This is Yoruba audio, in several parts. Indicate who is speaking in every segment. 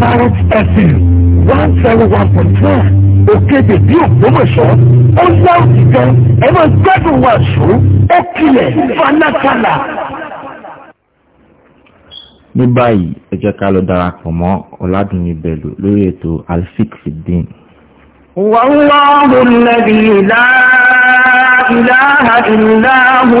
Speaker 1: parrot fm one zero one point one òkèdè bí ògbómọ̀ṣọ́ ó láwùjọ gan ẹ máa gbádùn wa ṣó ó kilẹ̀ fanáfàlà.
Speaker 2: ní báyìí ẹ jẹ́ ká lọ darapọ̀ mọ́ ọ̀làdùnní bẹ̀lú lórí ètò alfik fìdín. wàhùn lẹ́bi ìlà
Speaker 1: ìlà ìlà hù.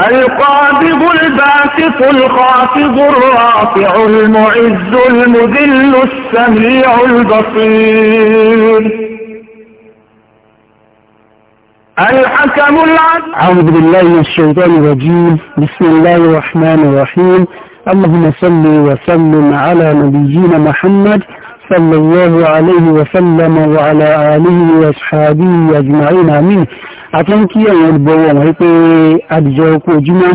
Speaker 2: القابض الباسط الخافض الرافع المعز المذل السميع البصير الحكم العدل أعوذ بالله من الشيطان الرجيم بسم الله الرحمن الرحيم اللهم صل وسلم على نبينا محمد صلى الله عليه وسلم وعلى آله وأصحابه أجمعين آمين àti ń kí ẹ̀yàn olùbọ̀wọ̀ wọ́n pé àdìjọ ọkọ̀ ojúmọ́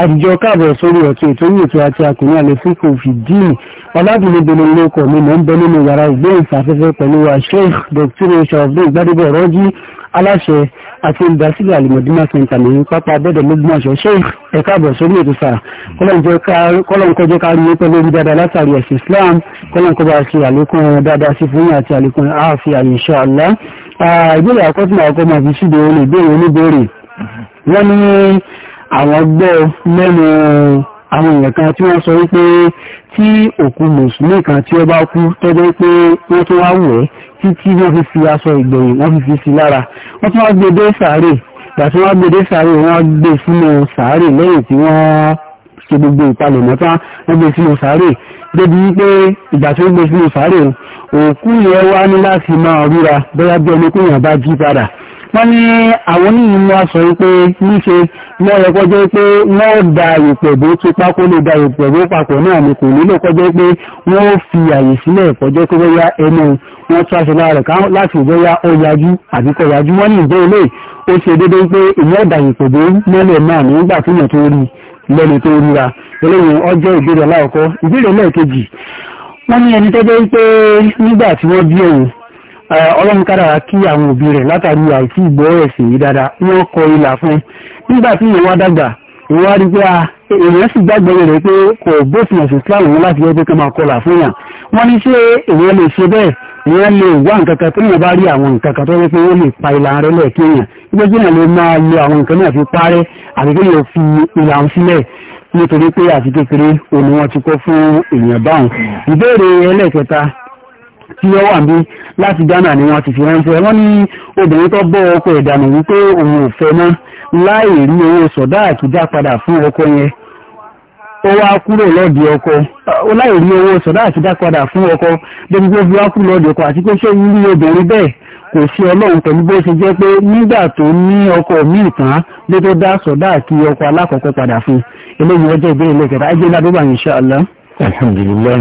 Speaker 2: àdìjọ káàbọ̀ sórí ọ̀tún ètò yìí ètò àti àkùnrin àlẹ́fíkò fìdíìnì ọ̀làdìlẹ́bẹ̀lẹ̀ lóko mi mọ̀ ń bẹ nínú yàrá ìgbóhùnsáfẹ́fẹ́ pẹ̀lú wa sheikh dr sharafdin gbadebo rọ́jí aláṣẹ àti olùdásílẹ̀ alimọ̀dúnmá center ní pápá abẹ́dẹ̀ lọ́gbọ̀nsọ̀ sheikh ẹ káàbọ̀ sórí ètò sáà kọ́lọ́nkọjọ́ ká ní pẹ̀lú orí dáadáa látàrí ẹ̀sìn islam kọ́lọ́nkọjọ́ àti àlékún dáadáa sí fún àti àlékún àáfíà insha Allah Ah, ìbéèrè àkọ́tún àkọ́ máa fi ṣíde orí ìbéèrè oníbéèrè wọ́n ní àwọn gbọ́ lẹ́nu àwọn èèyàn kan tí wọ́n sọ wípé tí òkú mùsùlùmí kan tí ó bá kú tọ́jọ́ pé wọ́n tún wá wẹ̀ títí wọ́n fi fi aṣọ ìgbẹ̀yìn wọ́n fi fi sí lára wọ́n tún wá gbé dé sàárè ìgbà tí wọ́n gbé dé sàárè wọ́n gbé sínú sàárè lẹ́yìn tí wọ́n ṣe gbogbo ìpalẹ̀mọ́ tán wọ́n gbé sínú sàárè débi wípé ìgbà tí ó gbé sínú sáré òkú yẹn wá ní láti máa ríra bóyá bí ẹni péyàn bá jí padà wọ́n ní àwọn oníyìn mú aṣọ wípé níṣe wọ́n yẹ kọjọ́ pé wọ́n da ìpẹ̀bó tó pákó lè da ìpẹ̀bó papọ̀ náà ni kò nílò kọjọ́ pé wọ́n fi àyè sílẹ̀ kọjọ́ pé bóyá ẹnu wọn tún aṣọ lára rẹ̀ láti bóyá ó yajú àbí kò yajú wọ́n ní ìbẹ́ ilé ó ṣe déédéé pé ìyẹn ọ̀dà ìpẹ̀bó mọ́lẹ̀ náà nígbà tí èèyàn tó rí lẹ́nu tó ríra eléyìí ọjọ́ ìbéèrè aláwọ̀kọ́ ìbéèrè lẹ́ẹ̀kejì wọ́n ní ẹni tẹ́jẹ́ wípé nígbà tí wọ́n bí òun ọlọ́run kádàrá kí àwọn òbí rẹ̀ látàrí àìsí ìgbọ́ ẹ̀sìn yìí dáadáa wọ́n kọ ilà fún nígbà tí ìwọ́n adágbà ìwọ́n á rí pé èèyàn sì gbàgbọ́ rẹ̀ pé kò bófin ẹ̀sìn Islam wọn láti yẹ pé kí máa kọlà fún yàn wọ́n ní ṣé èèyàn lè ṣe bẹ́ẹ̀ èèyàn lè wá nǹkan kan tó yàn bá rí àwọn nǹkan kan tó yẹ pé ó lè pa ìlà rẹ̀ lẹ̀ kéèyàn gbẹ́gbẹ́ náà máa lo àwọn nǹkan náà fi parẹ́ àti kéèyàn fi ìlà ń sílẹ̀ nítorí pé àti kékeré òun wọn ti kọ fún èèyàn báwọn ìbéèrè ẹlẹ́ẹ̀kẹta tí ó wà bí láti Ghana ni wọ́n ti fi ránṣẹ́ wọ́n ní obìnrin tó bọ́ ọkọ ìdànù wípé òun ò fẹ́ mọ́ láì rí owó sọ̀dá àkídá padà ọkọ yẹn ó wá kúrò ó láì ọkọ débi ọkọ àti pé ṣé irú kò sí ọlọ́run pẹ̀lú bó ṣe jẹ́ pé nígbà tó ní ọkọ míì tán ló tó dá sọ̀dá kí ọkọ alákọ̀ọ́kọ́ padà fún eléyìí ọjọ́ ìbéèrè lẹ́kẹ̀ẹ́ta ajé ńlá bíbá insha Allah. alhamdulillah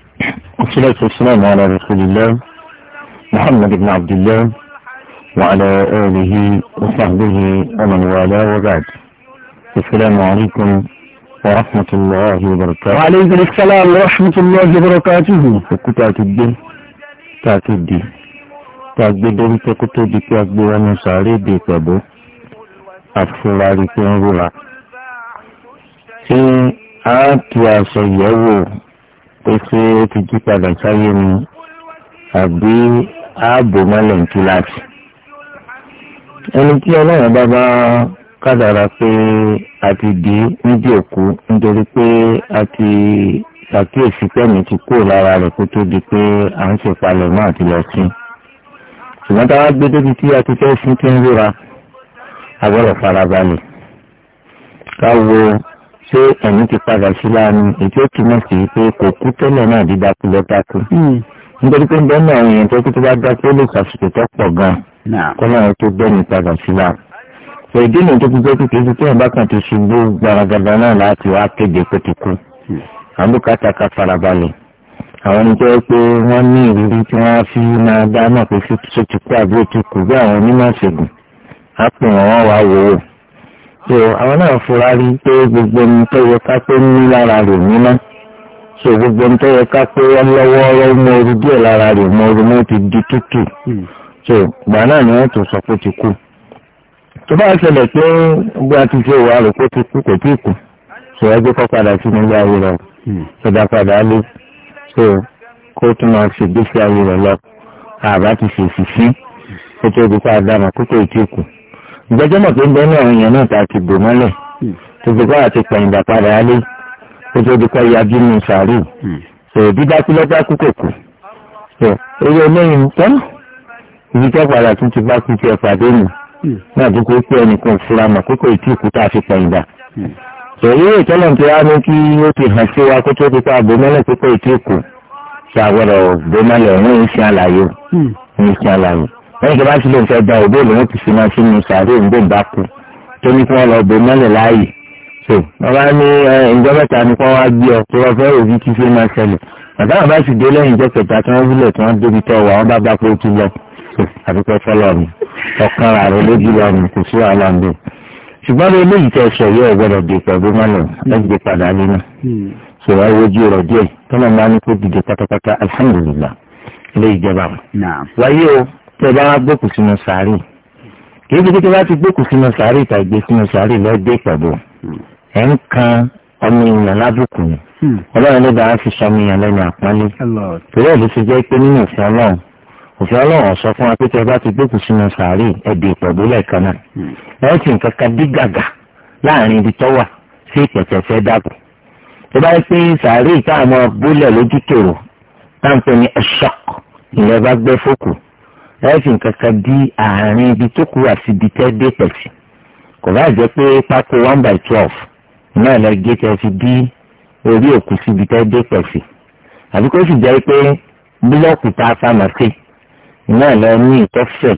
Speaker 2: salatu wassalamu ala rasulillah muhammad ibn abdullah wa ala alihi wa sahbihi wa man wala wa alaykum wa rahmatullahi wa barakatuh. wa alaykum assalam wa rahmatullahi wa barakatuh. òkúta ti dé tá ti di tá a gbé dórí pé kó tó di pé a gbé wọnú sàárè èdè pẹ̀lú àfúrárí pé ń rúra. ṣé a ti aṣọ ìyẹ́wò pé ṣé ó ti jí padà sáyé ni àbí ààbò mọ́lẹ̀ ń láti. ẹni tí ọlọ́run bá bá kádàrá pé a ti di níbi òkú nítorí pé a ti ṣàkíyèsí pẹ̀mí ti kúrò lára rẹ̀ kó tó di pé à ń ṣèpalẹ̀mọ́ àti lọ sí i ṣùgbọ́n táwa gbé débi tí a ti fẹ́ fún tí ń rúra agbọ́dọ̀ farabalẹ̀ ká wo ṣé ẹ̀mí ti padà sí láàánú ètò ìtumọ̀ sí pé kò kú tẹ́lẹ̀ náà dídákú lọ́tàkú hmm. nítorí pé bẹ́ẹ̀ náà àwọn èèyàn tó kú tó bá dá pé lè ṣàṣìkò tó pọ̀ gan-an náà tó gbẹ́ni padà sí láàánú sọ ìdí nìyẹn tó fi jẹ́ kékeré sí tẹ́yìn bá kàn ti ṣubú gbaragada náà láti wá kéde pé ti kú hmm. àbúkátà ká farabalẹ̀ àwọn ẹni jẹ́ pé wọ́n ní ìrírí tí wọ́n fi máa dá náà pé tó ti kú àbí ó ti kú bí àwọn onímọ̀ ṣègùn á pè wọ́n wọ́n wá wò ó. so àwọn náà fura rí pé gbogbo ohun tó yẹ ká pé ní lára rẹ̀ níná so gbogbo ohun tó yẹ ká pé wọ́n lọ́wọ́ ọ̀rọ̀ mọ oru díẹ̀ lára rẹ̀ mọ oru mọ́ ti di tútù hmm. so ìgbà náà ni wọ́n tún sọ pé ti kú. tó bá ṣẹlẹ̀ pé bí a ti ṣe wà rò pé ti kú kò tí ì kú sọ kọ́ padà sí nígbà ayé rẹ̀ hmm. sọdá padà lé so kó tún máa fi gbèsè ayé rẹ̀ lọ àbá ti fèsì sí kó tó dúpọ̀ àdámà kókó ìtìkù ìgbẹ́jọ́ mọ̀ pé ń bẹ́ ní àwọn èèyàn náà ta ti bò mọ́lẹ̀ tó fi kọ́ àti pẹ̀yìndà padà á lé kó tó dúpọ̀ yajú ní sàárè so dídákú lọ́dákú kò kù so eré eléyìí tán ibi tó padà tún ti bá kú ti ẹ̀ pàdé nù hmm. náà dúpọ̀ pé ẹnìkan fura mọ̀ kókó ìtìkù tá a fi pẹ̀yìndà èyí ìtọ́lọ̀ tí a ní kí ó ti hàn sí wa kó tó ti pa àbòmọ́lẹ̀ pípẹ́ ètò èkó ṣe àgbọ̀dọ̀ bòmọ́lẹ̀ ní ìṣe àlàyé ní hmm. ìṣe àlàyé wọ́n ti bá ti lè fẹ́ da òbó lòun ti fi máa sínú sàárè ìgbé bá kú tó ní kí wọ́n lọ bòmọ́lẹ̀ láàyè tó wọ́n bá ní ìjọ mẹ́ta ni wọ́n wá gbé ọ tó wọ́n fẹ́ òbí kí fi máa ṣẹlẹ̀ bàbá wọn bá sì dé lẹ́yìn ìjọ kẹta tí wọ́n wúlẹ̀ tí wọ́n débi tọ́ wà wọ́n bá bá pé ó ti lọ àdúpẹ́ fọlọ́ọ̀nù ọkàn rà rẹ lójú lọ́nù kò sí wàhálà ń bẹ̀ ṣùgbọ́n lórí eléyìí tẹ sọ yóò gbọdọ̀ di pẹ̀lú mọ́nà láti hmm. padà nínú hmm. sọ̀rọ̀ àwòjú rẹ̀ díẹ̀ tọ́lọ̀ máa ní kó dìde pátápátá alihamudulilá ilé ìjọba wọn. wáyé o tẹ bá gbókù sínú sàárì kì í ṣe kí wọ́n ti gbókù sínú sàárì tàbí gbé sínú sàárì lọ́gbẹ́ pẹ̀lú hmm. ẹ̀ ń kan ọmọ èèyàn lábùkù ọlọ́run ló dáa fi sọmọ èèyàn lẹ́nu
Speaker 1: àpọ́nlé
Speaker 2: torí ẹ̀ òfin ọlọ́run sọ fún wa pé tẹ bá ti gbókùn sínú sàárè ẹ̀dẹ̀ ìpẹ̀bú lẹ́ẹ̀kan náà hmm. ẹ̀ sì ń kankan dí gàgà láàrin ibi tọ́wà sí ìpẹ̀tẹ̀fẹ́ dàbò tó bá ń pín sàárè táwọn bólẹ̀ lójú tòrò táǹpẹ̀ ní ẹ̀ṣọ́k ìyẹn bá gbẹ́ fókù ẹ̀ sì ń kankan dí àárín ibi tó kù àti ibi tẹ́ dé pẹ̀tì kò bá jẹ́ pé pákó one by twelve náà lẹ gé tẹ́ fi dí orí òkú síbi tẹ́ dé pẹ̀tì àbí sì jẹ́ pé búlọ́ọ̀kù tá a fa màsíkì náà lọ ní ìtọ́fẹ̀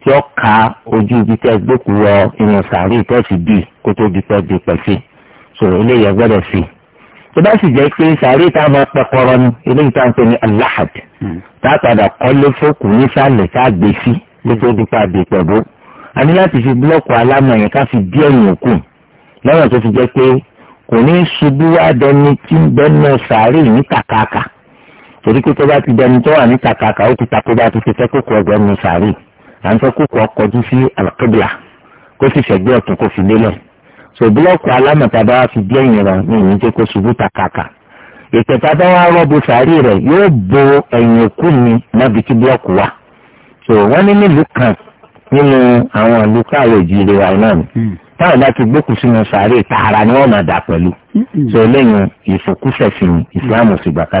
Speaker 2: tí ó ka ojú ibi tẹ́ gbókù wọ inú sàárì tẹ́sí bì kó tó di tẹ́ di pẹ̀sì sọ̀rọ̀ eléyìí ẹ gbọ́dọ̀ sí i tó bá sì jẹ́ pé sàárì tá a máa pẹ́kọ́rọ́ ni eléyìí tá a ń pè ní alahad hmm. tá a padà kọ́ lé fókù nísàlẹ̀ tá a gbé sí kó tó di pa di a ní láti fi búlọ́ọ̀kù alámọ̀ yẹn ká fi díẹ̀ yìn kù lọ́nà tó fi jẹ́ pé kò ní ṣubú wá torí pé tó bá ti dẹni tó wà ní kàkàkà ó ti takò bá ti fi fẹ́ kókò ọgbẹ́ nu sàárì à ń fẹ́ kókò ọkọ̀jú sí alqibla kó sì fẹ̀gbẹ́ ọ̀tún kó fi lélẹ̀ so búlọ́ọ̀kù alámọ̀tá bá fi bí ẹ̀yìn rẹ̀ ní ìyẹn jẹ́ kó ṣubú takàkà ìkẹta bá wà rọ́ọ̀bù sàárì rẹ̀ yóò bo ẹ̀yìn òkú ni nábi tí búlọ́ọ̀kù wà so wọ́n ní nílùú kan nínú àwọn ìlú káàrọ̀ ìjìnlẹ̀ wa náà ni hmm. táwọn bá hmm. so lẹ́yìn ìfòkúfẹ̀sìn ìsìlámù sì gbà ká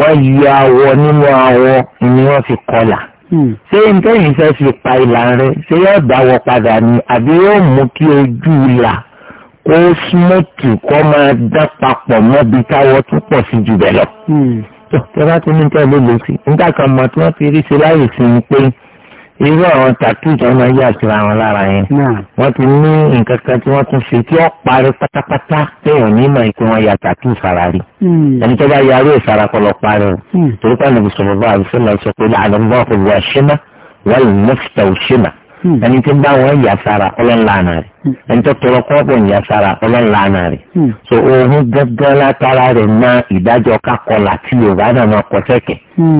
Speaker 2: wọ́n yọ awọ nínú awọ ni wọ́n fi kọlà mm. ṣé ntẹ́yìn fẹ́ fi pa ìlà rẹ ṣé yóò dáwọ́ padà ni àbí yóò mú kí ojú ìlà kó smooth kó máa dá papọ̀ mọ́bi táwọ́ tún pọ̀ sí jù bẹ́ẹ̀ lọ. Mm. tó tẹ́ bá ti ní tẹ́ ló lè sí nígbà kan mọ̀ tí wọ́n fi rí ṣe láyè sí ni pé irú àwọn tàtú tó máa yà síra wọn lára yẹn wọ́n ti ní nǹkan kan tí wọ́n tún fi tí ó parí pátápátá téèyàn ní ìmọ̀ ìpín wọn yà tàtú farari
Speaker 1: hmm. ẹni tó bá yarí ìfarakọlọ
Speaker 2: parí o hmm. torí pé àlùbùsọ̀rọ̀ bá àlùfẹ́ náà sọ pé àlùbọ́ kò wá ṣẹ́mà wọ́n lè mọ́fìtà òṣèmà. Hmm. ẹni tí ń bá wọn yà sára ọlọ́nlànà rẹ̀ hmm. ẹni tó tọrọ kọ́ọ̀bù yà sára ọlọ́nlànà rẹ̀ hmm. so ohun gángan látara rẹ̀ ná ìdájọ́ kakọlà tí yorùbá náà máa kọ sẹ́kẹ̀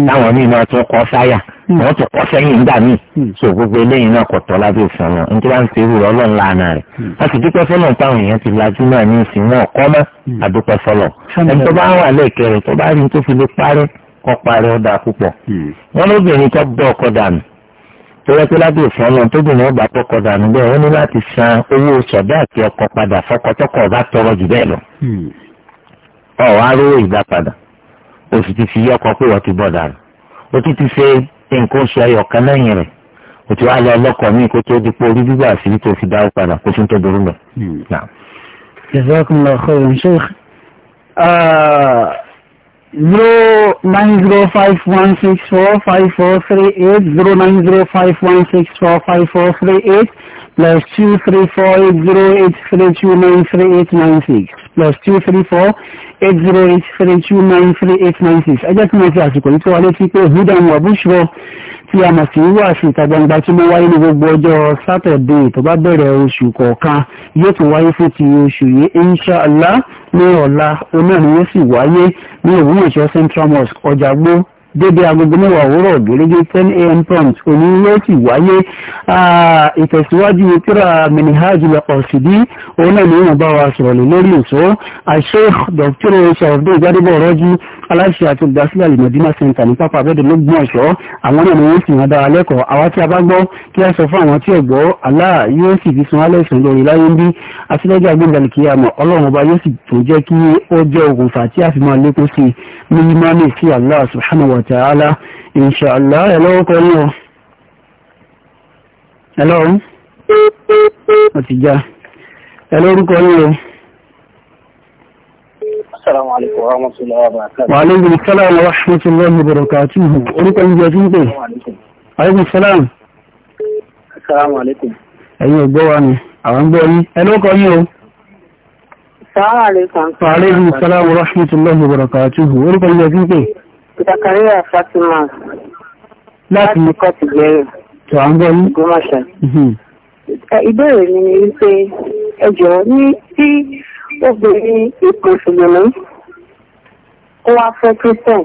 Speaker 2: táwọn míì máa tún kọ sáyà wọ́n tún kọ sẹ́yìn nígbà míì so gbogbo eléyìí náà kò tọ́ lábẹ́ òfin wọn nítorí wọn ti rú ọlọ́nlànà rẹ̀ a sì dúpẹ́ fọlọ́ táwọn èèyàn ti lajú náà ní ìsìn wọn kọ́ mọ́ àdúpẹ́ fọlọ́ ẹni tó bá wà lẹ́ẹ̀kẹ́rẹ́ tó bá rí tó fi lè parẹ́ kọ́ tọ́lá pé lábẹ́ òfin ọlọ́run tóbìnrin ọgbà tọkọ dànù bẹ́ẹ̀ ó ní láti san owó sọ̀dá àti ọkọ padà fọkọ tọkọ ọba tọrọ jù bẹ́ẹ̀ lọ. Hmm. ọ̀wọ́ arówó ìgbà padà o sì ti fi yí ọkọ pé wọ́n ti bọ̀ dànù o ti ti ṣe nǹkan oṣù ayọ̀ kan lẹ́yìn rẹ̀ o ti wá lọ ọlọ́kọ̀ míì kó tó dípò orí gbígbà sí tó fi dáwó padà kó tún tó dorú mẹ́. Hmm zero nine zero five one six four five four three eight zero nine zero five one six four five four three eight plus two three four eight zero eight three two nine three eight nine six plus two three four eight zero eight three two nine three eight nine six. ẹ jẹ́ kí n máa fi àsìkò yìí tó wa létí pé hudan wa bushro tí a mọ̀ sí wáàsí ìta gbangba tí mo wáyé ní gbogbo ọjọ́ sátọ̀dé tó bá bẹ̀rẹ̀ oṣù kọ̀ọ̀kan yóò tún wáyé fún ti oṣù yìí inṣàlá ní ọ̀la onáàrin yóò sì wáyé ní òwúrọ̀ṣọ́ central mosque ọjàgbó dédé agogo mẹ́wàá òwúrọ̀ gẹ́gẹ́ ten a.m. prompt òní yóò sì wáyé ìtẹ̀síwájú tíra minihajul ọ̀sìdí òun náà ni wọ́n bá wa sọ̀rọ̀ lórí èso àṣẹ dr sọ̀rọ̀ dé ìgbàdébọ̀ rọ́jú aláṣẹ àti olùdásílẹ̀ alimọ̀dínà center ní pápá abẹ́dẹ̀ ló gbọ́n ọ̀ṣọ́ àwọn náà ni wọ́n sì wọ́n dára lẹ́kọ̀ọ́ àwa tí a bá gbọ́ kí a sọ fún àwọn tí ò gbọ́ aláà yóò sì fi sun aláìsàn lórí láyé ń bí aṣílẹ́jọ́ agbẹ́gbẹ̀lì kí a mọ̀ ọlọ́run ọba yóò sì tó jẹ́ kí ó jẹ́ òkùnfà tí a fi máa lékún sí ní ìmánì sí ẹ lórúkọ ní o.
Speaker 1: السلام عليكم ورحمة الله وبركاته وعليكم السلام
Speaker 2: ورحمة الله وبركاته أريد أن يجيبه عليكم السلام السلام عليكم أيها الجواني أعلم بأي ألوك أيها السلام عليكم وعليكم السلام ورحمة الله وبركاته أريد أن يجيبه زكريا لا láti kọ́ ti gbẹ̀rẹ̀. tó à ń gbọ́ yín. gómọ̀ṣà gbègbè ní ipò òṣèlú ó wá fẹ́ christian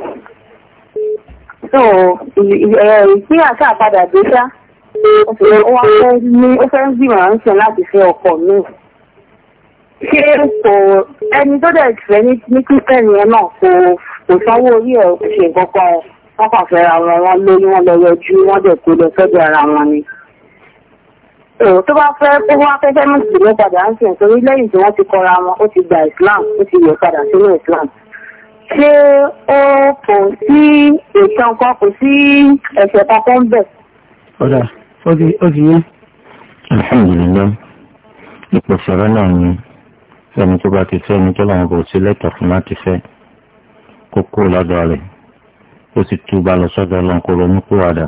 Speaker 2: so ìpín àṣà padà dé ṣá ó wá fẹ́ ní ó fẹ́ ń gbìmọ̀ ránṣẹ́ láti fẹ́ ọkọ náà ṣé kò ẹni tó dẹ̀ fẹ́ ní christian yẹn náà kò kò sanwó orí ẹ̀ ṣe nǹkan kan wọ́n kàn fẹ́ ra wọn lórí wọn lọ yọjú wọ́n dẹ̀ kó lọ sọ́dọ̀ ara wọn ni tó bá fẹ́ ó wá fẹ́ fẹ́ mọ̀tì ló padà ń sìn torí lẹ́yìn tí wọ́n ti kọra wọn ó ti gba Islam ó ti yẹ padà sínú Islam ṣé ó kò sí ìtàn kan kò sí ẹ̀ṣẹ̀ kankan ń bẹ̀. ọ̀dà ó ti yẹ. alhamdulilayi ìpèsè ọ̀rọ̀ náà ni ẹni tó bá ti fẹ́ ẹni tó làwọn kò sí lẹ́tọ̀ọ́ fún láti fẹ́ kókó lọ́dọ̀ rẹ̀ ó sì túbà lọ sọ́dọ̀ ọlọ́nkọ́ ronú kúwàdà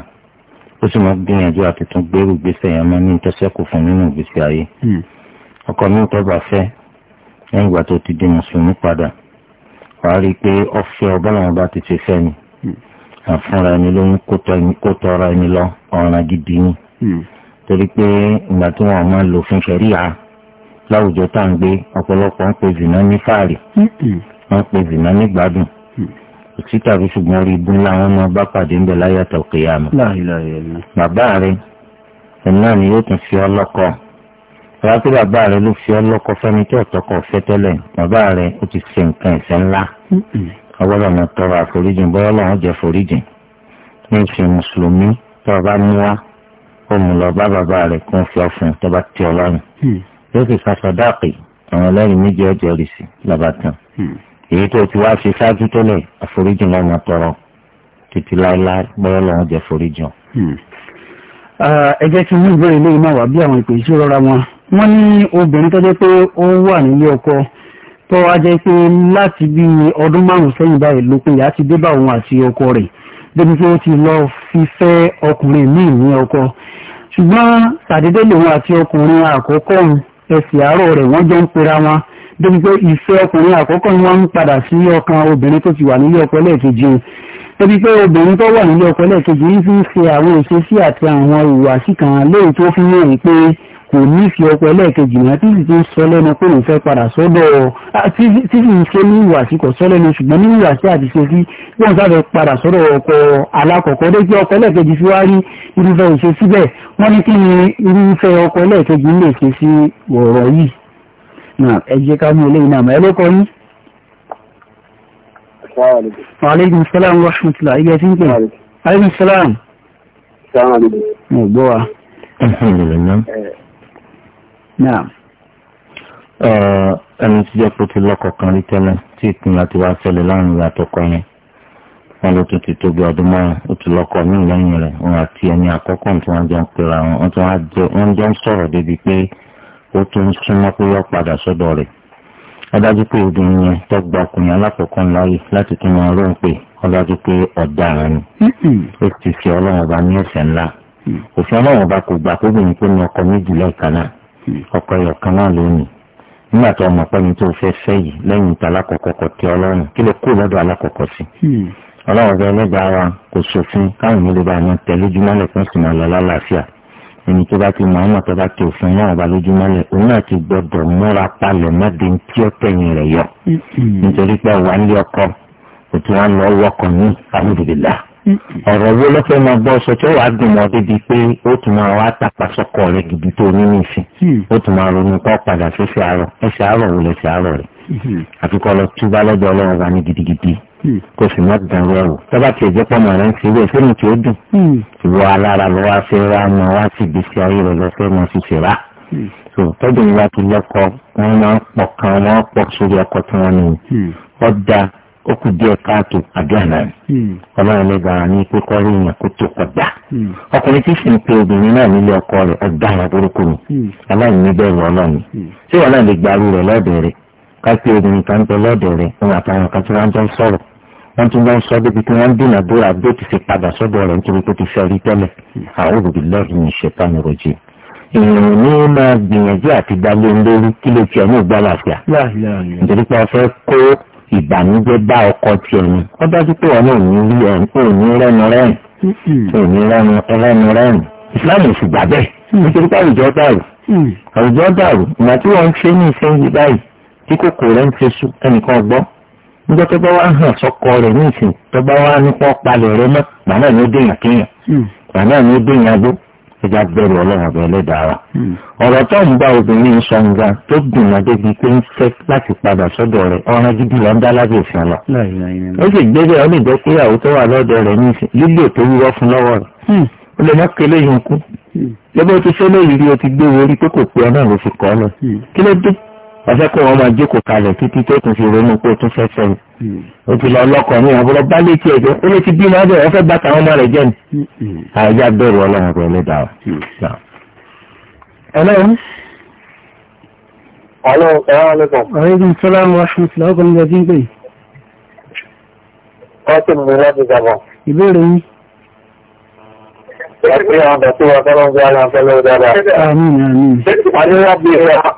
Speaker 2: ó sì máa gbìyànjú àti tún gbèrú gbèsè yẹn máa ní ìtọ́sẹ́kù fún nínú ìgbésí ayé hmm. ọkọ mi tó bá fẹ́ lẹ́yìn ìgbà tó ti di mùsùlùmí padà wàá rí i pé ọfẹ́ ọbọ̀làwọn bá ti ṣe fẹ́ ni hmm. àfúnra ẹni ló ń kó tọrọ ẹni lọ ọ̀ràn gidi ni hmm. torí pé ìgbà tí wọn máa lò fún ṣẹ̀ríà láwùjọ tá à ń gbé ọ̀pọ̀lọpọ̀ ń pe zìnà ní fáàrí wọ́n ń zìnà ní gbádùn kò sí tàbí ṣùgbọ́n rí ibú ńlá wọn máa bá pàdé ń bẹ̀ láyà tó kéyàmù. bàbá rẹ ẹni náà ni yóò tún fi ọ lọ́kọ ìwà pé bàbá rẹ ló fi ọ lọ́kọ fẹ́ni tí ọ̀tọ́kọ̀ fẹ́ tẹ́lẹ̀ bàbá rẹ ó ti ṣe nǹkan ẹ̀ṣẹ̀ ńlá ọgbọ́dọ̀ máa tọrọ àforíjìn bọ́yọ́ lọ́wọ́ jẹ́ foríjìn ní ìsìn mùsùlùmí tó bá mú wá ó mú lọ bá bàbá rẹ kó fi ọ fún un tó bá ti ọlọ́run hmm. yóò sì sàṣọdáàpì àwọn ẹlẹ́rìí méjì ọjọ́ rì lọ́ba tán. Hmm èyí tó ti wá ṣe ṣáájú tẹ́lẹ̀ àforíjì náà máa tọrọ títí láéláé bọ́yọ́ lọ́wọ́ jẹ́ foríjì. Hmm. ẹ jẹ́ kí wọ́n ìbéèrè lóyún náà wá bí àwọn ìpè sí rọra wọn wọ́n ní obìnrin tó jẹ́ pé ó wà nílé ọkọ tó wá jẹ́ pé láti bí ọdún márùn-ún sẹ́yìn báyìí lópin ìyá ti dé bá òun àti ọkọ rẹ̀ débi pé ó ti lọ fi fẹ́ ọkùnrin míì ní ọkọ ṣùgbọ́n tàdédé lòun àti ọkùnrin àkọ́kọ́ ẹ̀sìn àárọ̀ rẹ̀ wọ́n jọ ń pera wọn débi pé ìfẹ́ ọkùnrin àkọ́kọ́ ni wọ́n ń padà sí ọkàn obìnrin tó ti wà nílé ọkọ lẹ́ẹ̀kejì débi pé obìnrin tó wà nílé ọkọ lẹ́ẹ̀kejì ń fi ń ṣe àwọn òṣèṣì àti àwọn ìhùwàsí kan léyìí tó fi hàn pé kò nífẹ̀ẹ́ ọkọ ẹlẹ́ẹ̀kejì náà tí sì ti ń sọ lẹ́nu pé òun fẹ́ padà sọ́dọ̀ tí sì ń ṣe ní ìwàsí kò sọ lẹ́nu ṣùgbọ́n ní ìwàsí àti ṣe sí wọ́n sáfẹ́ padà sọ́dọ̀ ọkọ alákọ̀ọ́kọ́ dé kí ọkọ ẹlẹ́ẹ̀kejì fi wá rí irúfẹ́ òṣèṣì bẹ́ẹ̀ wọ́n ní kí ni irúfẹ́ ọkọ ẹlẹ́ẹ̀kejì lè ṣe sí ọ̀rọ̀ yìí ẹ jẹ́ ká mú eléyìí náà ẹlẹ́kọ̀ọ́ yín. aleykum salaam wa rahmatulah ilé tí ń pè aleykum salaam. mo gbọ́ wa. ẹni tí jẹ́ pé ti lọ́kọ̀ kan rí tẹ́lẹ̀ tí ìpínlẹ̀ ti wá ṣẹlẹ̀ láàrin ìyá àtọkọ yẹn wọn ló tún ti tó bí ọdún márùn ó ti lọkọ míì lẹ́yìn rẹ̀ wọn àti ẹni àkọ́kọ́ tí wọ́n jọ ń pera wọn wọ́n jọ ń sọ̀rọ̀ débi pé ó tún súnmọ́ pé yọ padà sọ́dọ̀ rẹ̀ ọdájú pé obìnrin yẹn tó gba ọkùnrin alákọ̀ọ́kọ́ láàyè láti tún máa rò ń pè ọdájú pé ọ̀daràn ni ó ti fi ọlọ́run ọba ní ẹ̀ṣẹ̀ ńlá mm. òfin ọlọ́run ọba kò gbà kóbìnrin pé ní ọkọ méjì lẹ́ẹ̀kan náà mm. ọkọ ẹ̀yọ̀ kan náà lónìí nígbà tó ọmọ pẹ́ni tó fẹ́ fẹ́ yìí lẹ́yìn ìta alákọ̀ọ́kọ́ kọ tí ọlọ́run kí ló kó lọ́dọ̀ alákọ̀ọ́kọ́ sí mm. ọlọ́run ọba ẹlẹ́gbàá wa kò sófin káwọn ìmúlẹ̀ bá yẹn tẹ̀lé jùmọ́lẹ̀ fún ìsìn ẹni tó bá ti mọ àwọn tó bá ti òfin náà bá lójú mọ́lẹ̀ òun náà ti gbọ́dọ̀ múra palẹ̀ mọ́dé tí ó tẹ̀yìn rẹ̀ yọ. nítorí pé wà ń lé ọkọ òtún wọn lọ wọkọ ní alhamdulillah. ọ̀rọ̀ wo ló fẹ́ máa gbọ́ sọ tí ó wàá dùn mọ́ débi pé ó tún máa wá tàpá sọ́kọ rẹ̀ gidi tó ní nìsín. Mm. ó tún máa ronú pọ́ padà sí ẹsẹ̀ àárọ̀ ẹsẹ̀ àárọ̀ wò lẹ́sẹ̀ àárọ̀ rẹ̀. Mm-hmm. àfikọ́ lọ túbá ọlọ́run wa ní gidigidi. Hmm. kò sì má dàrú ẹ̀wò tọ́ba tí èjẹ́ pọ̀ mọ̀ rẹ̀ ń ṣeré sínú tí ó dùn hmm. ìwọ alára ló wá fẹ́ ra mọ́ wá sì bí sí ayé rẹ̀ lọ́fẹ́ mọ́ sí ṣe rà hmm. so tọ́jú ìwà ti lọ́kọ wọ́n máa ń pọ̀ kan wọ́n pọ̀ sórí ọkọ tí wọ́n ní ọ̀dà ó kù díẹ̀ káàtó àdúrà náà ọlọ́run lẹ́gbàá ní pípọ́ rí ìyàn kó tó ọ̀dà ọkùnrin tí sì ń pe obìnrin náà nílé ọkọ rẹ̀ ọ̀dà àwọn burúkú ni aláìní bẹ̀rù ọlọ́run ṣé wọn náà lè gbarú rẹ̀ lọ́dọ̀ rẹ̀ ká wọ́n tún bá ń sọ débi tí wọ́n ń dúnàdúrà bí ó ti fi padà sọ́dọ̀ rẹ̀ nítorí pé ó ti fẹ́ rí tẹ́lẹ̀ a'udhu billahi minash shaitani rajim èèyàn ní máa gbìyànjú àti dalé lórí kí ló tiẹ̀ ní ìgbà láfíà nítorí pé a fẹ́ kó ìbànújẹ́ bá ọkọ tiẹ̀ ni ó dájú pé wọn ò ní rí ẹ̀ ò ní rẹ́nu rẹ́rìn ò ní rẹ́nu rẹ́nu rẹ́rìn Islam ò sì bẹ́ẹ̀ mm. nítorí pé àwùjọ dàrú mm. àwùjọ dàrú ìgbà tí wọ́n ń ṣe ní ìṣẹ́yìn báyìí tí kòkòrò ń ṣe ẹnìkan gbọ́ níjọ́ tó bá wá hàn sọ́kọ rẹ̀ ní ìsìn tó bá wá nípa palẹ̀ rẹ̀ mọ́ gbàná ni ó dèèyàn kéèyàn hmm. gbàná ni ó dèèyàn gbó ẹja bẹ̀rù ọlọ́run ọ̀bẹ ẹlẹ́dàá wa. Hmm. ọ̀rọ̀ tó ń bá obìnrin sọ nga tó dùn adé bíi pé ń fẹ́ láti padà sọ́dọ̀ rẹ̀ ọ̀ràn gidi ló ń dá lábẹ́ òfin lọ. ó sì gbé bẹ́ẹ̀ ó lè jẹ́ pé ìyàwó tó wà lọ́dọ̀ rẹ̀ ní lílò tó wúwọ́ fún lọ́wọ́ rẹ̀. Hmm. ó lè má kele yín kú. lọ́bẹ̀ tó fẹ́ lóyìí rí o ti gbé orí pé kò pé ọ náà ló fi kọ́ lọ. kí ló dé ọfẹ kó wọn máa jókòó kalẹ̀ títí tó tún fi ronú pé o tún fẹ́ fẹ́ ni
Speaker 1: o hmm. ti lọ lọkọ ní àbúrò bá létí ẹjọ́ ó lè ti bí máa bẹ̀rẹ̀ ọfẹ bá tàwọn ọmọ rẹ̀ jẹ́ ni
Speaker 2: àyájá hmm. bẹ̀rù Ọlọ́run pẹ̀lú ẹ̀dá hmm. wa. ẹ̀lọ́ alo ẹ̀rọ alẹ́kọ̀. aleykum salaam wa rahmatulah ọkọ mi lọ́jọ́ ìgbẹ́ yìí. ọtí mi láti sábà. ìbéèrè yín. láti rí àwọn bàtí wa
Speaker 1: fọlọ́n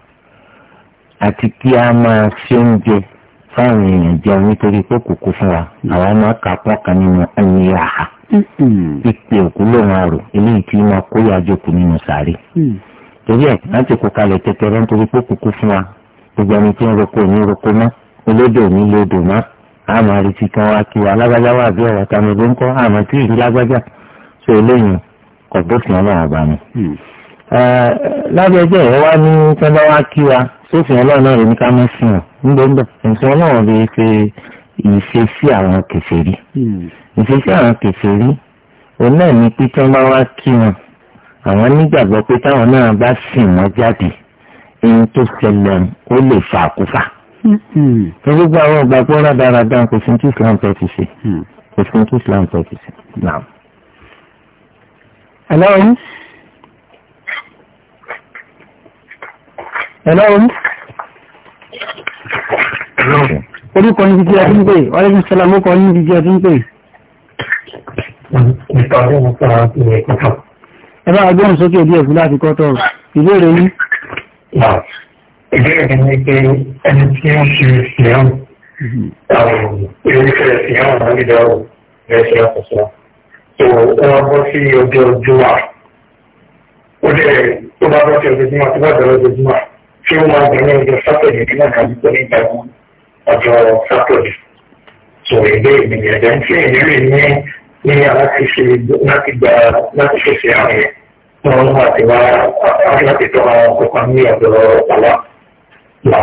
Speaker 2: àti kí a máa fi oúnjẹ fáwọn èèyàn jẹun nítorí pé kò kú fún wa àwọn máa kà pọ́n kan nínú ẹ̀yìn àhà mm-hmm. pípé òkú lòun àrò eléyìí tí máa kó yàjọ kù nínú sàárè mm-hmm. torí ẹ̀ láti kó kalẹ̀ tẹ́tẹ́rẹ́ nítorí pé kò kú fún wa gbogbo ẹni tí ń roko ní roko mọ́ olódò ní lódò mọ́ àmọ́ àrètí kan wá kí wa lágbájá wà bí ọ̀rọ̀ tàbí ló ń kọ́ àmọ́ tí ìlú lágbájá so eléyìí kò bófin ọlọ́run sófin ọlọ́run náà ní ká má sí wọn nígbàgbà ẹ̀sìn ọlọ́run lè pe ìṣesí àwọn kèfèrí hmm. ìṣesí àwọn kèfèrí òun náà ní pé tí wọ́n bá wá kí wọn àwọn nígbàgbọ́ pé táwọn náà bá sìn wọ́n jáde ẹni tó ṣẹlẹ̀ ó lè fa àkúfà ní hmm. gbogbo àwọn ìgbàgbọ́ rádaràdà kò sí tí Islam fẹ́ ti ṣe hmm. kò sí tí Islam fẹ́ ti ṣe. Hello. Hello. Orúkọ ní jíjẹ́ ọdún pé, wọ́n lẹ́gbẹ̀ẹ́ sọ́lá mọ́kọ ní jíjẹ́ ọdún pé. Ẹbá agbóhùn sókè díẹ̀ fún láti kọ́tọ̀ ìbéèrè yìí. Ìbéèrè ni pé
Speaker 1: ẹni tí ó ṣe ìṣẹ́hàn,
Speaker 2: ìrúfẹ́ ìṣẹ́hàn náà lè dọ́rọ̀ rẹ̀ ṣe àkọsọ́. So, wọ́n bọ́ sí ọjọ́ Júmà. Ó dẹ̀ tó bá bọ́ sí ọjọ́ Júmà tó bá dọ̀rọ̀ ọjọ́ Júmà tí wọ́n bẹ̀rẹ̀ ọjọ́ sátọ̀dẹ̀ nígbà kan tó nígbà wọn ọjọ́ sátọ̀dẹ̀ tó ẹgbẹ́ ìgbìyànjú ẹ̀jẹ̀ tí èyí rè ní ní láti ṣe láti gba láti ṣèṣe àwọn yẹn wọn ń wà tí wọn láti tọ́ àwọn kópa ní ọ̀dọ̀ ọ̀la.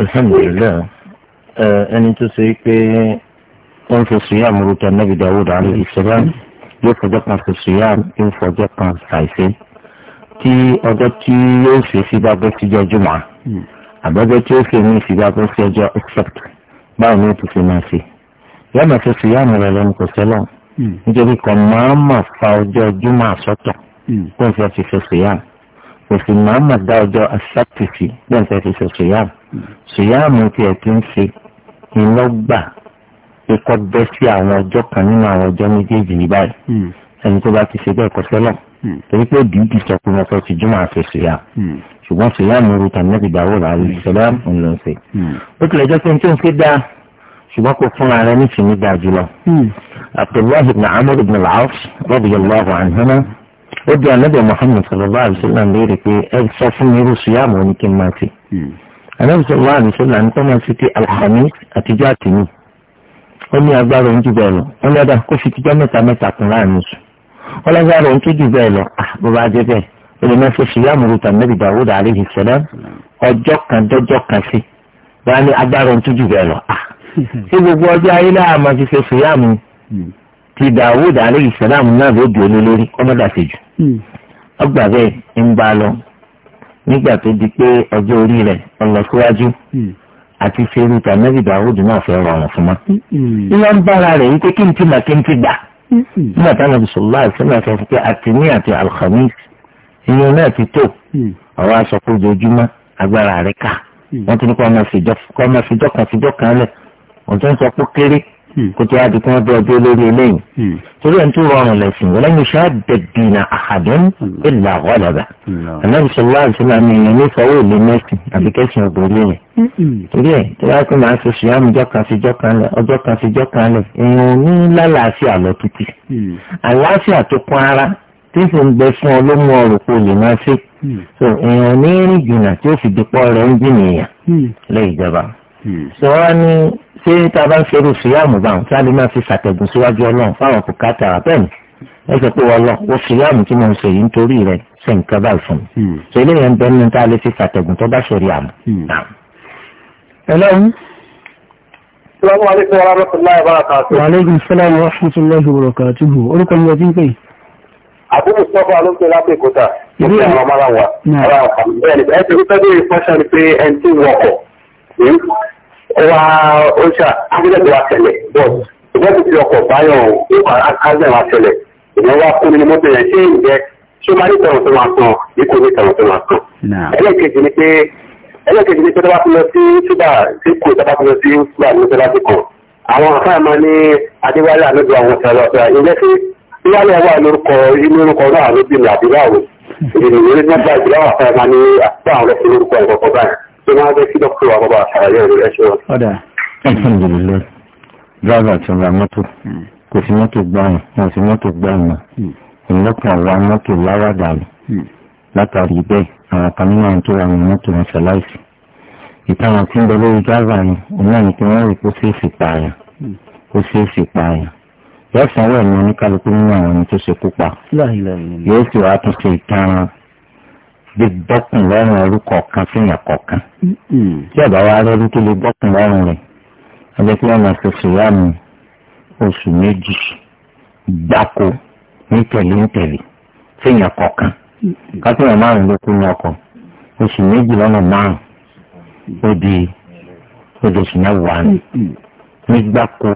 Speaker 2: alhamdulilayi ẹni tó ṣe pé wọ́n fi sùúyà múrutọ nàbì Dawud alayhi yóò fọjọ́ kan fi sùúyà yóò fọjọ́ kan ṣàìsí tí ọjọ́ tí yóò fi síbi abẹ́ sí jọjú mọ́ àbọ̀jọ́ tí ó fi ní ìsìgbà abẹ́ sí ọjọ́ except báwo ni ó ti fi máa ṣe yàmà tó fi yàmà rẹ̀ lẹ́nu kò sẹ́lọ̀ hmm. nítorí kò máa mà fa ọjọ́ júmọ̀ àsọ̀tọ̀ kó n fẹ́ ti fi ṣèyàn kò sì máa mà dá ọjọ́ asátìsì kó n fẹ́ ti fi ṣèyàn ṣèyàn mo tiẹ̀ ti ń ṣe iná gbà kíkọ́ bẹ́ sí àwọn ọjọ́ kan nínú àwọn ọjọ́ méjèèjì yìí hmm. ẹni tó bá ti ṣe bẹ́ẹ̀ kò sẹ́lọ̀ Hmm. torí pé dìídì sọ pé wọ́n fẹ́ fi jùmọ̀ àfẹ́ síyà hmm. ṣùgbọ́n síyà mi rú tàbí nàbì dàwọ́ làwọn olùsọ̀lá ńlọsẹ̀. ó tilẹ̀ jẹ́ pé n tó ń ké dáa ṣùgbọ́n kò fún ara ní tìǹbù dáa jùlọ. Hmm. abdullahi ibn amr ibn al-aas radiyallahu anhuma ó di anabi muhammed sallallahu alayhi wa sallam léèrè pé ẹ sọ fún mi irú síyà mi ní kí n máa ti. anabi sallallahu alayhi wa sallam ń tọ́mọ sí ti alhamis àtijọ́ àtìmí ó ní agbára oúnjẹ bẹ́ẹ̀ lọ ó ní ọ̀dà kó fi tijọ́ mẹ́ta mẹ́ta kún láàrin oṣù ọlọ́sàrò ń tún jù bẹ́ẹ̀ lọ ah, bó bá dé bẹ́ẹ̀ ó lè má ṣe ṣìyá àmúrúta nàbì dàwúdà àlejò sẹ́lẹ̀ ọjọ́ kan dọ́jọ́ kan sí báyìí ní agbára ń tún jù bẹ́ẹ̀ lọ. Ah, ṣé gbogbo ọjọ́ ayé náà máa ti ṣe ṣìyá àmú ti dàwúdà àlejò sẹ́lẹ̀ àmú náà ló dùn ó lórí ọmọdàṣe jù. ọgbà bẹ́ẹ̀ ń bá lọ nígbà tó di pé ọjọ́ orí rẹ̀ ọlọ́síwájú àti ṣerú tànàbì dàwúdà náà fẹ́ rọrùn fún wa. ní nígbà tí anabi sọlá àìsàn àti àti àtìní àti alhamis ìyẹn náà ti tó àwọn aṣọ kó ojoojúmọ́ agbára rẹ̀ ká hmm. wọ́n ti ní kó ọmọ fìjọ kan fìjọ kan lẹ̀ wọ́n ti ń sọ pé kéré Hmm. kó tó a di kí wọ́n bẹ ọjọ́ lórí eléyìí hmm. torí ẹni tó rọrùn lẹ́sìn wọ́n lẹ́yìn iṣẹ́ àdẹ̀dìnà àhàdùn hmm. ìlà ọ̀làbà ànábì sọlá àṣìlá mi èèyàn ní ìfọwọ́ ìlú mẹ́sìn àbí kẹ́sìn ọ̀gbọ̀rí
Speaker 1: èèyàn
Speaker 2: torí ẹ̀ tó yá pé màá ṣe ṣìyàmù ọjọ́ kan sí ọjọ́ kan lẹ̀ èèyàn ní lálàáfíà lọ títí àlàáfíà tó kún ara tí sì ń bẹ fún ọ ló mú ọrùn kó lè máa ṣe èèyàn ní rìn jìnnà tí ó fi dìpọ̀ rẹ̀ ń jìnnà
Speaker 1: èèyàn
Speaker 2: ìjọba sọ wá ní ṣé tá a bá ń ṣerú síyàmù báwọn tí a lè máa fi ṣàtẹ̀gùn síwájú ọlọ́run fáwọn kò ká tàrà bẹ́ẹ̀ ni ẹ sọ pé wọ́n lọ wọ́n síyàmù tí mo ń ṣe yìí nítorí rẹ̀ ṣe nǹkan báyìí fún mi hmm. ṣe eléyìí ń bẹ nínú tá a lè fi ṣàtẹ̀gùn tó bá ṣòrí àmọ́. ẹlẹ́rìí. Wa alaikum salam wa rahmatullahi wa barakatuhu. Orúkọ láti Èkótà. Ìbí àwọn ọmọ ara wa. Bẹ́ẹ̀ni, ẹ ti rí ni pé ẹni tí wọ́kọ̀. Hmm? wá ó ṣà ágbẹ́lẹ́gbẹ́ wa tẹ̀lẹ̀ bọ́ọ̀ ìwọ́n ti fi ọkọ̀ báyọ̀ nípa ágbẹ́ wa tẹ̀lẹ̀ ìyẹn wá fún mi ní mọ́tò yẹn ṣé ìjẹ́ ṣé máa ní tẹ̀wọ̀n tó máa kàn ní kò ní tẹ̀wọ̀n tó máa kàn. ẹlẹ́ẹ̀kejì ni pé ẹlẹ́ẹ̀kejì ni pé tó bá fi lọ sí ṣúgà tí kò tó bá fi lọ sí ṣúgà ní ṣọlá ti kàn àwọn àfáà máa ní adéwálé àlejò àwọn ọ̀sẹ̀ ọ̀sẹ̀ ìjẹ́ sí wíwálé wà lórúkọ inú orúkọ náà ló bí mi àbí báwo ìdìbò ìwé nígbà ìgbà wà fẹ́ máa ní àtúntò àwọn tó máa jẹ́ kí dọ́kítọ̀ wa bọ́bá àṣàyẹ̀ rẹ̀ ẹ̀ ṣe wọ́n. ọ̀dà alhamdulilayi driver ti ra mọ́tò hmm. kò sí mọ́tò gbààyàn wọn sí mọ́tò gbààyàn hmm. ìlọ́kàn wa mọ́tò láwàdà ni hmm. látàrí bẹ́ẹ̀ àwọn kan nínú àwọn tó ra àwọn mọ́tò wọn ṣàláìsí ìtàn àti ń bẹ lórí driver ni òun náà ní kí wọ́n rí kó ṣèèṣì pààyàn ó ṣe sì pààyàn yóò sanwó ẹ̀mí oníkálukú nínú àwọn ẹni tó ṣekú pa yóò sì wá tún ṣe ìtanràn lè bọ́kùn lọ́rùn ẹrú kọ̀ọ̀kan fìyàn kọ̀ọ̀kan. tí ọ̀bá wa rẹ́rú bọ́kùn lọ́rùn tí wọ́n máa fi ṣèyá mi oṣù méjì gbáko ní tẹ̀lé tẹ̀lé fìyàn kọ̀ọ̀kan márùn ló kú ní ọkọ̀ oṣù méjì lọ́nà márùn ó di odò oṣù mẹ́wàá ni ní gbáko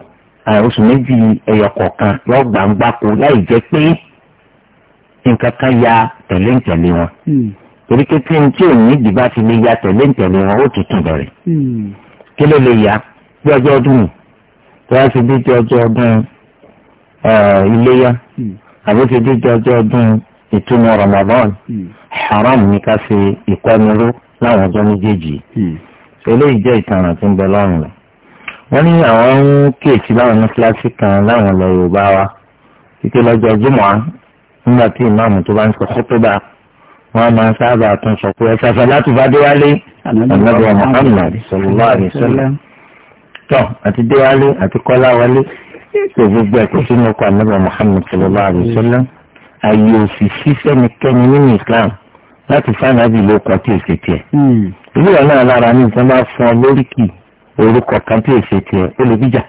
Speaker 2: oṣù méjì ẹyọ kọ̀ọ̀kan yóò gbà ń gbáko láì jẹ́ pé nǹkan kan ya tẹ̀lé ń tẹ̀lé wọn. torí pé tí n tí ò ní ìdìbò àti lè ya tẹ̀lé ntẹ̀lé wọn ó ti tún bẹ̀rẹ̀. Hmm. kí ló lè ya bí ọjọ́ ọdún tí wọ́n ti dídí ọjọ́ ọdún iléyà hmm. àbí ti dídí ọjọ́ ọdún ìtúnu Ramadan hmm. haram ní ká ṣe ìkọ́niró láwọn ọjọ́ méjèèjì. eléyìí jẹ́ ìtanràn tó ń bẹ lọ́rùn rẹ̀. wọ́n ní àwọn ń kéèkì láwọn kíláàsì kan láwọn ilẹ̀ Yorùbá wa kíkẹ́ lọ́jọ́ Jímọ̀ nígbà tí ìmáàmù tó bá ń sọ wọn máa sábà tún sọ pé ẹsẹ sàlátù fàdéwálé ànábì wa Muhammad sallallahu alaihi wasallam tọ àti déwálé àti kọláwálé tó gbogbo ẹ kò sínú ọkọ ànábì wa Muhammad sallallahu alaihi wasallam àyè òsì sísẹnikẹni nínú Islam láti fànàbì ló kọ tí èsì tiẹ ìlú hmm. ọ̀nà alára ní ìjọba fún ọ lóríkì orúkọ kan tí èsì tiẹ olùbíjà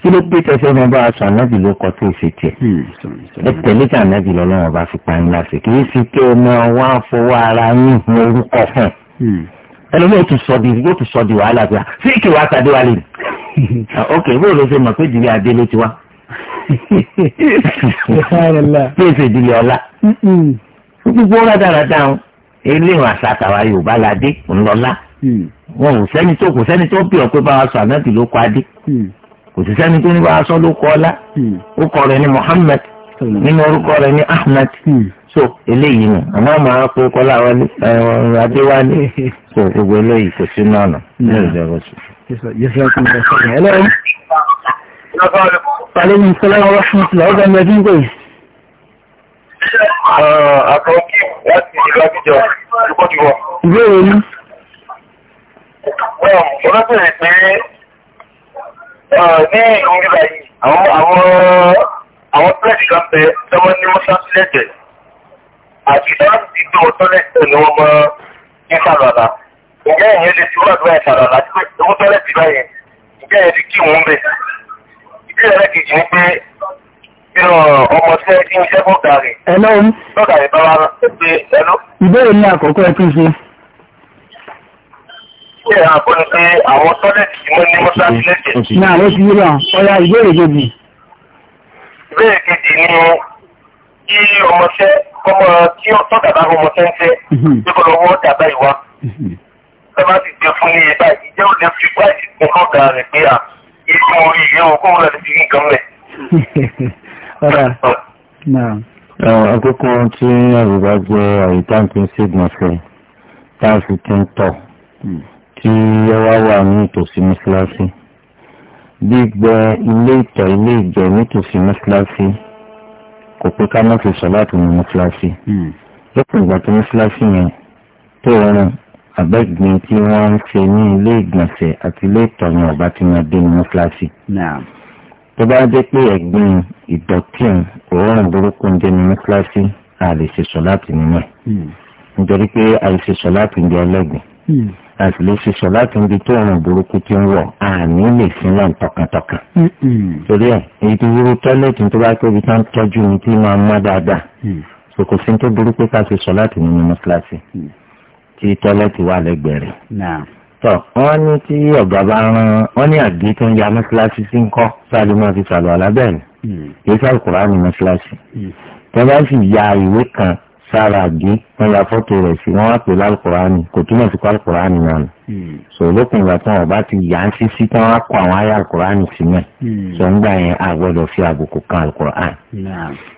Speaker 2: kí ló pé tẹsẹ̀ ọmọ bá aṣọ ànábì ló kọ tó ṣe tiẹ̀ mm, ẹ tẹ̀lé tí ànábì lọ́lọ́wọ́ bá fi pa ńlá ṣe kì í ṣe kí ọmọ wa fọwọ́ ara yín hun orúkọ fún mm. ẹlòmí yóò tún sọ di yóò tún sọ di wàhálà pé ṣé kí wàá tàdé wa lè ní. Ah, ok bó ló ṣe mọ̀ pé ìdílé adé ló ti wá. bí èsì ìdílé ọlá. gbogbo ọ̀rá dáradára eléyìí àṣà àtàwà Yorùbá la dé ńlọ́lá. Mm. wọn ò sẹ́ni tó kò sẹ́ni tó bí ọ pé báwa sọ ànábì ló kọ adé òṣìṣẹ́ ni tó ní bá aṣọ ló kọ́ ọlá hmm. orúkọ rẹ̀ ní Muhammad hmm. nínú orúkọ rẹ̀ ní Ahmed hmm. so eléyìí nù àmọ́ àmọ́ àwọn pé kọ́lá wọlé adéwálé
Speaker 1: so gbogbo eléyìí
Speaker 2: kò sí náà nù ní ìjọba oṣù. ẹlẹ́rìí pàlẹ́ ní sọlá ọ̀rọ̀ fún ìtìlá ọ̀gá mi ẹbí ń gbé àkọ́kí uh, láti ìlú ìkọ́jú wọn. ìbéèrè ni. ọ̀rọ̀ bẹ̀rẹ̀ Ah, ní ìgbìmọ̀ yìí àwọn àwọn àwọn pẹ́ẹ̀sì kan bẹ tọ́wọ́ ní mọ́ṣáláṣí lẹ́jẹ̀ àti láti tó tọ́lẹ̀tì ni wọ́n mọ́ ìsàlọ̀lá ǹjẹ́ ìyẹn
Speaker 1: lè túbọ̀ àdúrà ìsàlọ̀lá tí ó tọ́lẹ̀tì báyìí ǹjẹ́ ìyẹn ti kí wọ́n bẹ̀. ìbéèrè lẹ́kejì ni pé nínú ọmọ tẹ́ kí n ṣẹ́gun gàrí.
Speaker 2: ẹ̀lọ́ ìbéèrè ní àkọ́kọ́ ẹ tún ṣe
Speaker 1: jẹ́ àbọ̀ ni pé àwọn tọ́lẹ̀tì mọ́ ní mọ́sáàtì lẹ́jẹ̀. Náà ló ti
Speaker 2: yíra ọya ìbéèrè
Speaker 1: kejì. Ìbéèrè kejì ni kí ọmọṣẹ́
Speaker 2: ọmọ tí ó tọ́ dàbá ọmọṣẹ́ ń fẹ́ pé mhm. kọ́ lọ́wọ́ dàbá ìwá. Ṣé máa ti jẹ fún iye báyìí? Ìjẹ́ ò lè fi báyìí kún ọ̀gá rẹ̀ pé à ìlú orí ìlú òkú rẹ̀ ti rí nǹkan mẹ́. Àkókò tí àrùbá jẹ́ àyíká ti ń ṣègùn ọ̀fẹ́ táà fi ti ń tọ̀. Hmm tí yẹwà wà ní ìtòsí mọ́ṣáláṣí gbígbẹ ilé ìtọ̀ ilé ìjẹ nítòsí mọ́ṣáláṣí kò pé ká má fi sọ̀láàtì ní mọ́ṣáláṣí hmm. lópin ìgbà tó mọ́ṣáláṣí yẹn tó rọrùn abẹ́gbin tí wọ́n ń ṣe ní ilé ìgbọ̀nsẹ̀ àti ilé ìtọ̀ ní ọ̀bá tí wọ́n dé ní mọ́ṣáláṣí. tó bá jẹ́ pé ẹ̀gbin ìdọ̀tí òórùn burúkú ń dé ní mọ́ṣáláṣí a lè ṣe sọ̀láàtì nínú ẹ̀ hmm. nítorí pé àìṣe sọ̀láàtì ń di ọlẹ́gbìn. Hmm àti lè ṣe sọ láti ibi tó ràn burúkú ti ń wọ̀ àní lè sin náà tọkàntọkàn. torí ẹ èyí tó wúrú tọ́lẹ̀tì tó bá tóbi tá ń tọ́jú ní tí máa mọ́ dáadáa mm. so kò sí tó burúkú ká ṣe sọ láti nínú mọ́ṣáláṣí mm. tí tọ́lẹ̀tì wà lẹ́gbẹ̀ẹ́
Speaker 1: rẹ̀.
Speaker 2: tọ wọn ní tí ọ̀gá bá rán wọn ní àgbé tó ń ya mọ́ṣáláṣí sí ń kọ́ sáré máa fi sàlọ̀ alábẹ́rẹ̀ yóò sàkóra ní mọ́ṣáláṣí mm. tọ́ ya ìwé kan sára àgé wọ́n ya fọ́tò rẹ̀ sí wọ́n wá pè lálùkùránì kò túmọ̀ sí pálùkùránì náà nù. Hmm. sọ lókun ìgbà tí wọn bá ti yà á sísí tí wọn á kó àwọn ayé àlùkùránì sí hmm. náà. sọ ń gbà yẹn a gbọ́dọ̀ fi àbùkù kan àlùkùránì.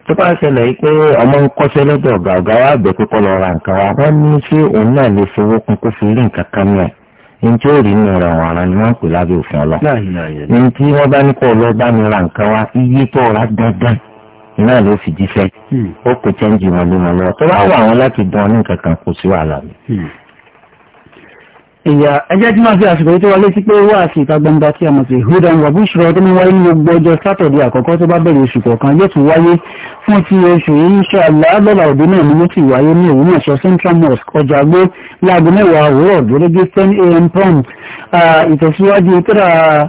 Speaker 2: tó bá ṣẹlẹ̀ yìí pé ọmọ ń kọ́ṣẹ́ lọ́dọ̀ ọ̀gá ọ̀gá wa bẹ̀ pé kọ́ lọ ra nǹkan wa wọ́n ní ṣé òun náà lè fowó kun kó fi rí nǹkan kan náà ntí ó rí nínú rẹ̀ ara ni wọ́n ń pè lábẹ́ òfin ọlọ́ ntí bá ní kó lọ bá mi ra nǹkan wa iye tó ra dandan náà ló fi jíṣẹ́ hmm. ó kò chẹ́ǹjì wọn lé wọn lọ́wọ́ tó bá wà wọn láti dán ní nǹkan kan kò sí wàhálà mi. Hmm. ìyá ẹjẹ́ tí máa fi àsìkò yìí tó wọlé sí pé wá sí ìta gbangba tí a mọ̀ sí hudan wabushra tó ń wáyé ní gbogbo ọjọ́ sátọ̀dé àkọ́kọ́ tó bá bẹ̀rẹ̀ oṣù kọ̀ọ̀kan yóò tún wáyé fún ti oṣù yìí ń ṣe àlàábọ̀là òde náà ni ó ti wáyé ní òwúrọ̀ sọ central mosque ọjà gbé láago mẹ́wàá òwúrọ̀ dúró dé am prompt ìtẹ̀síwájú tíra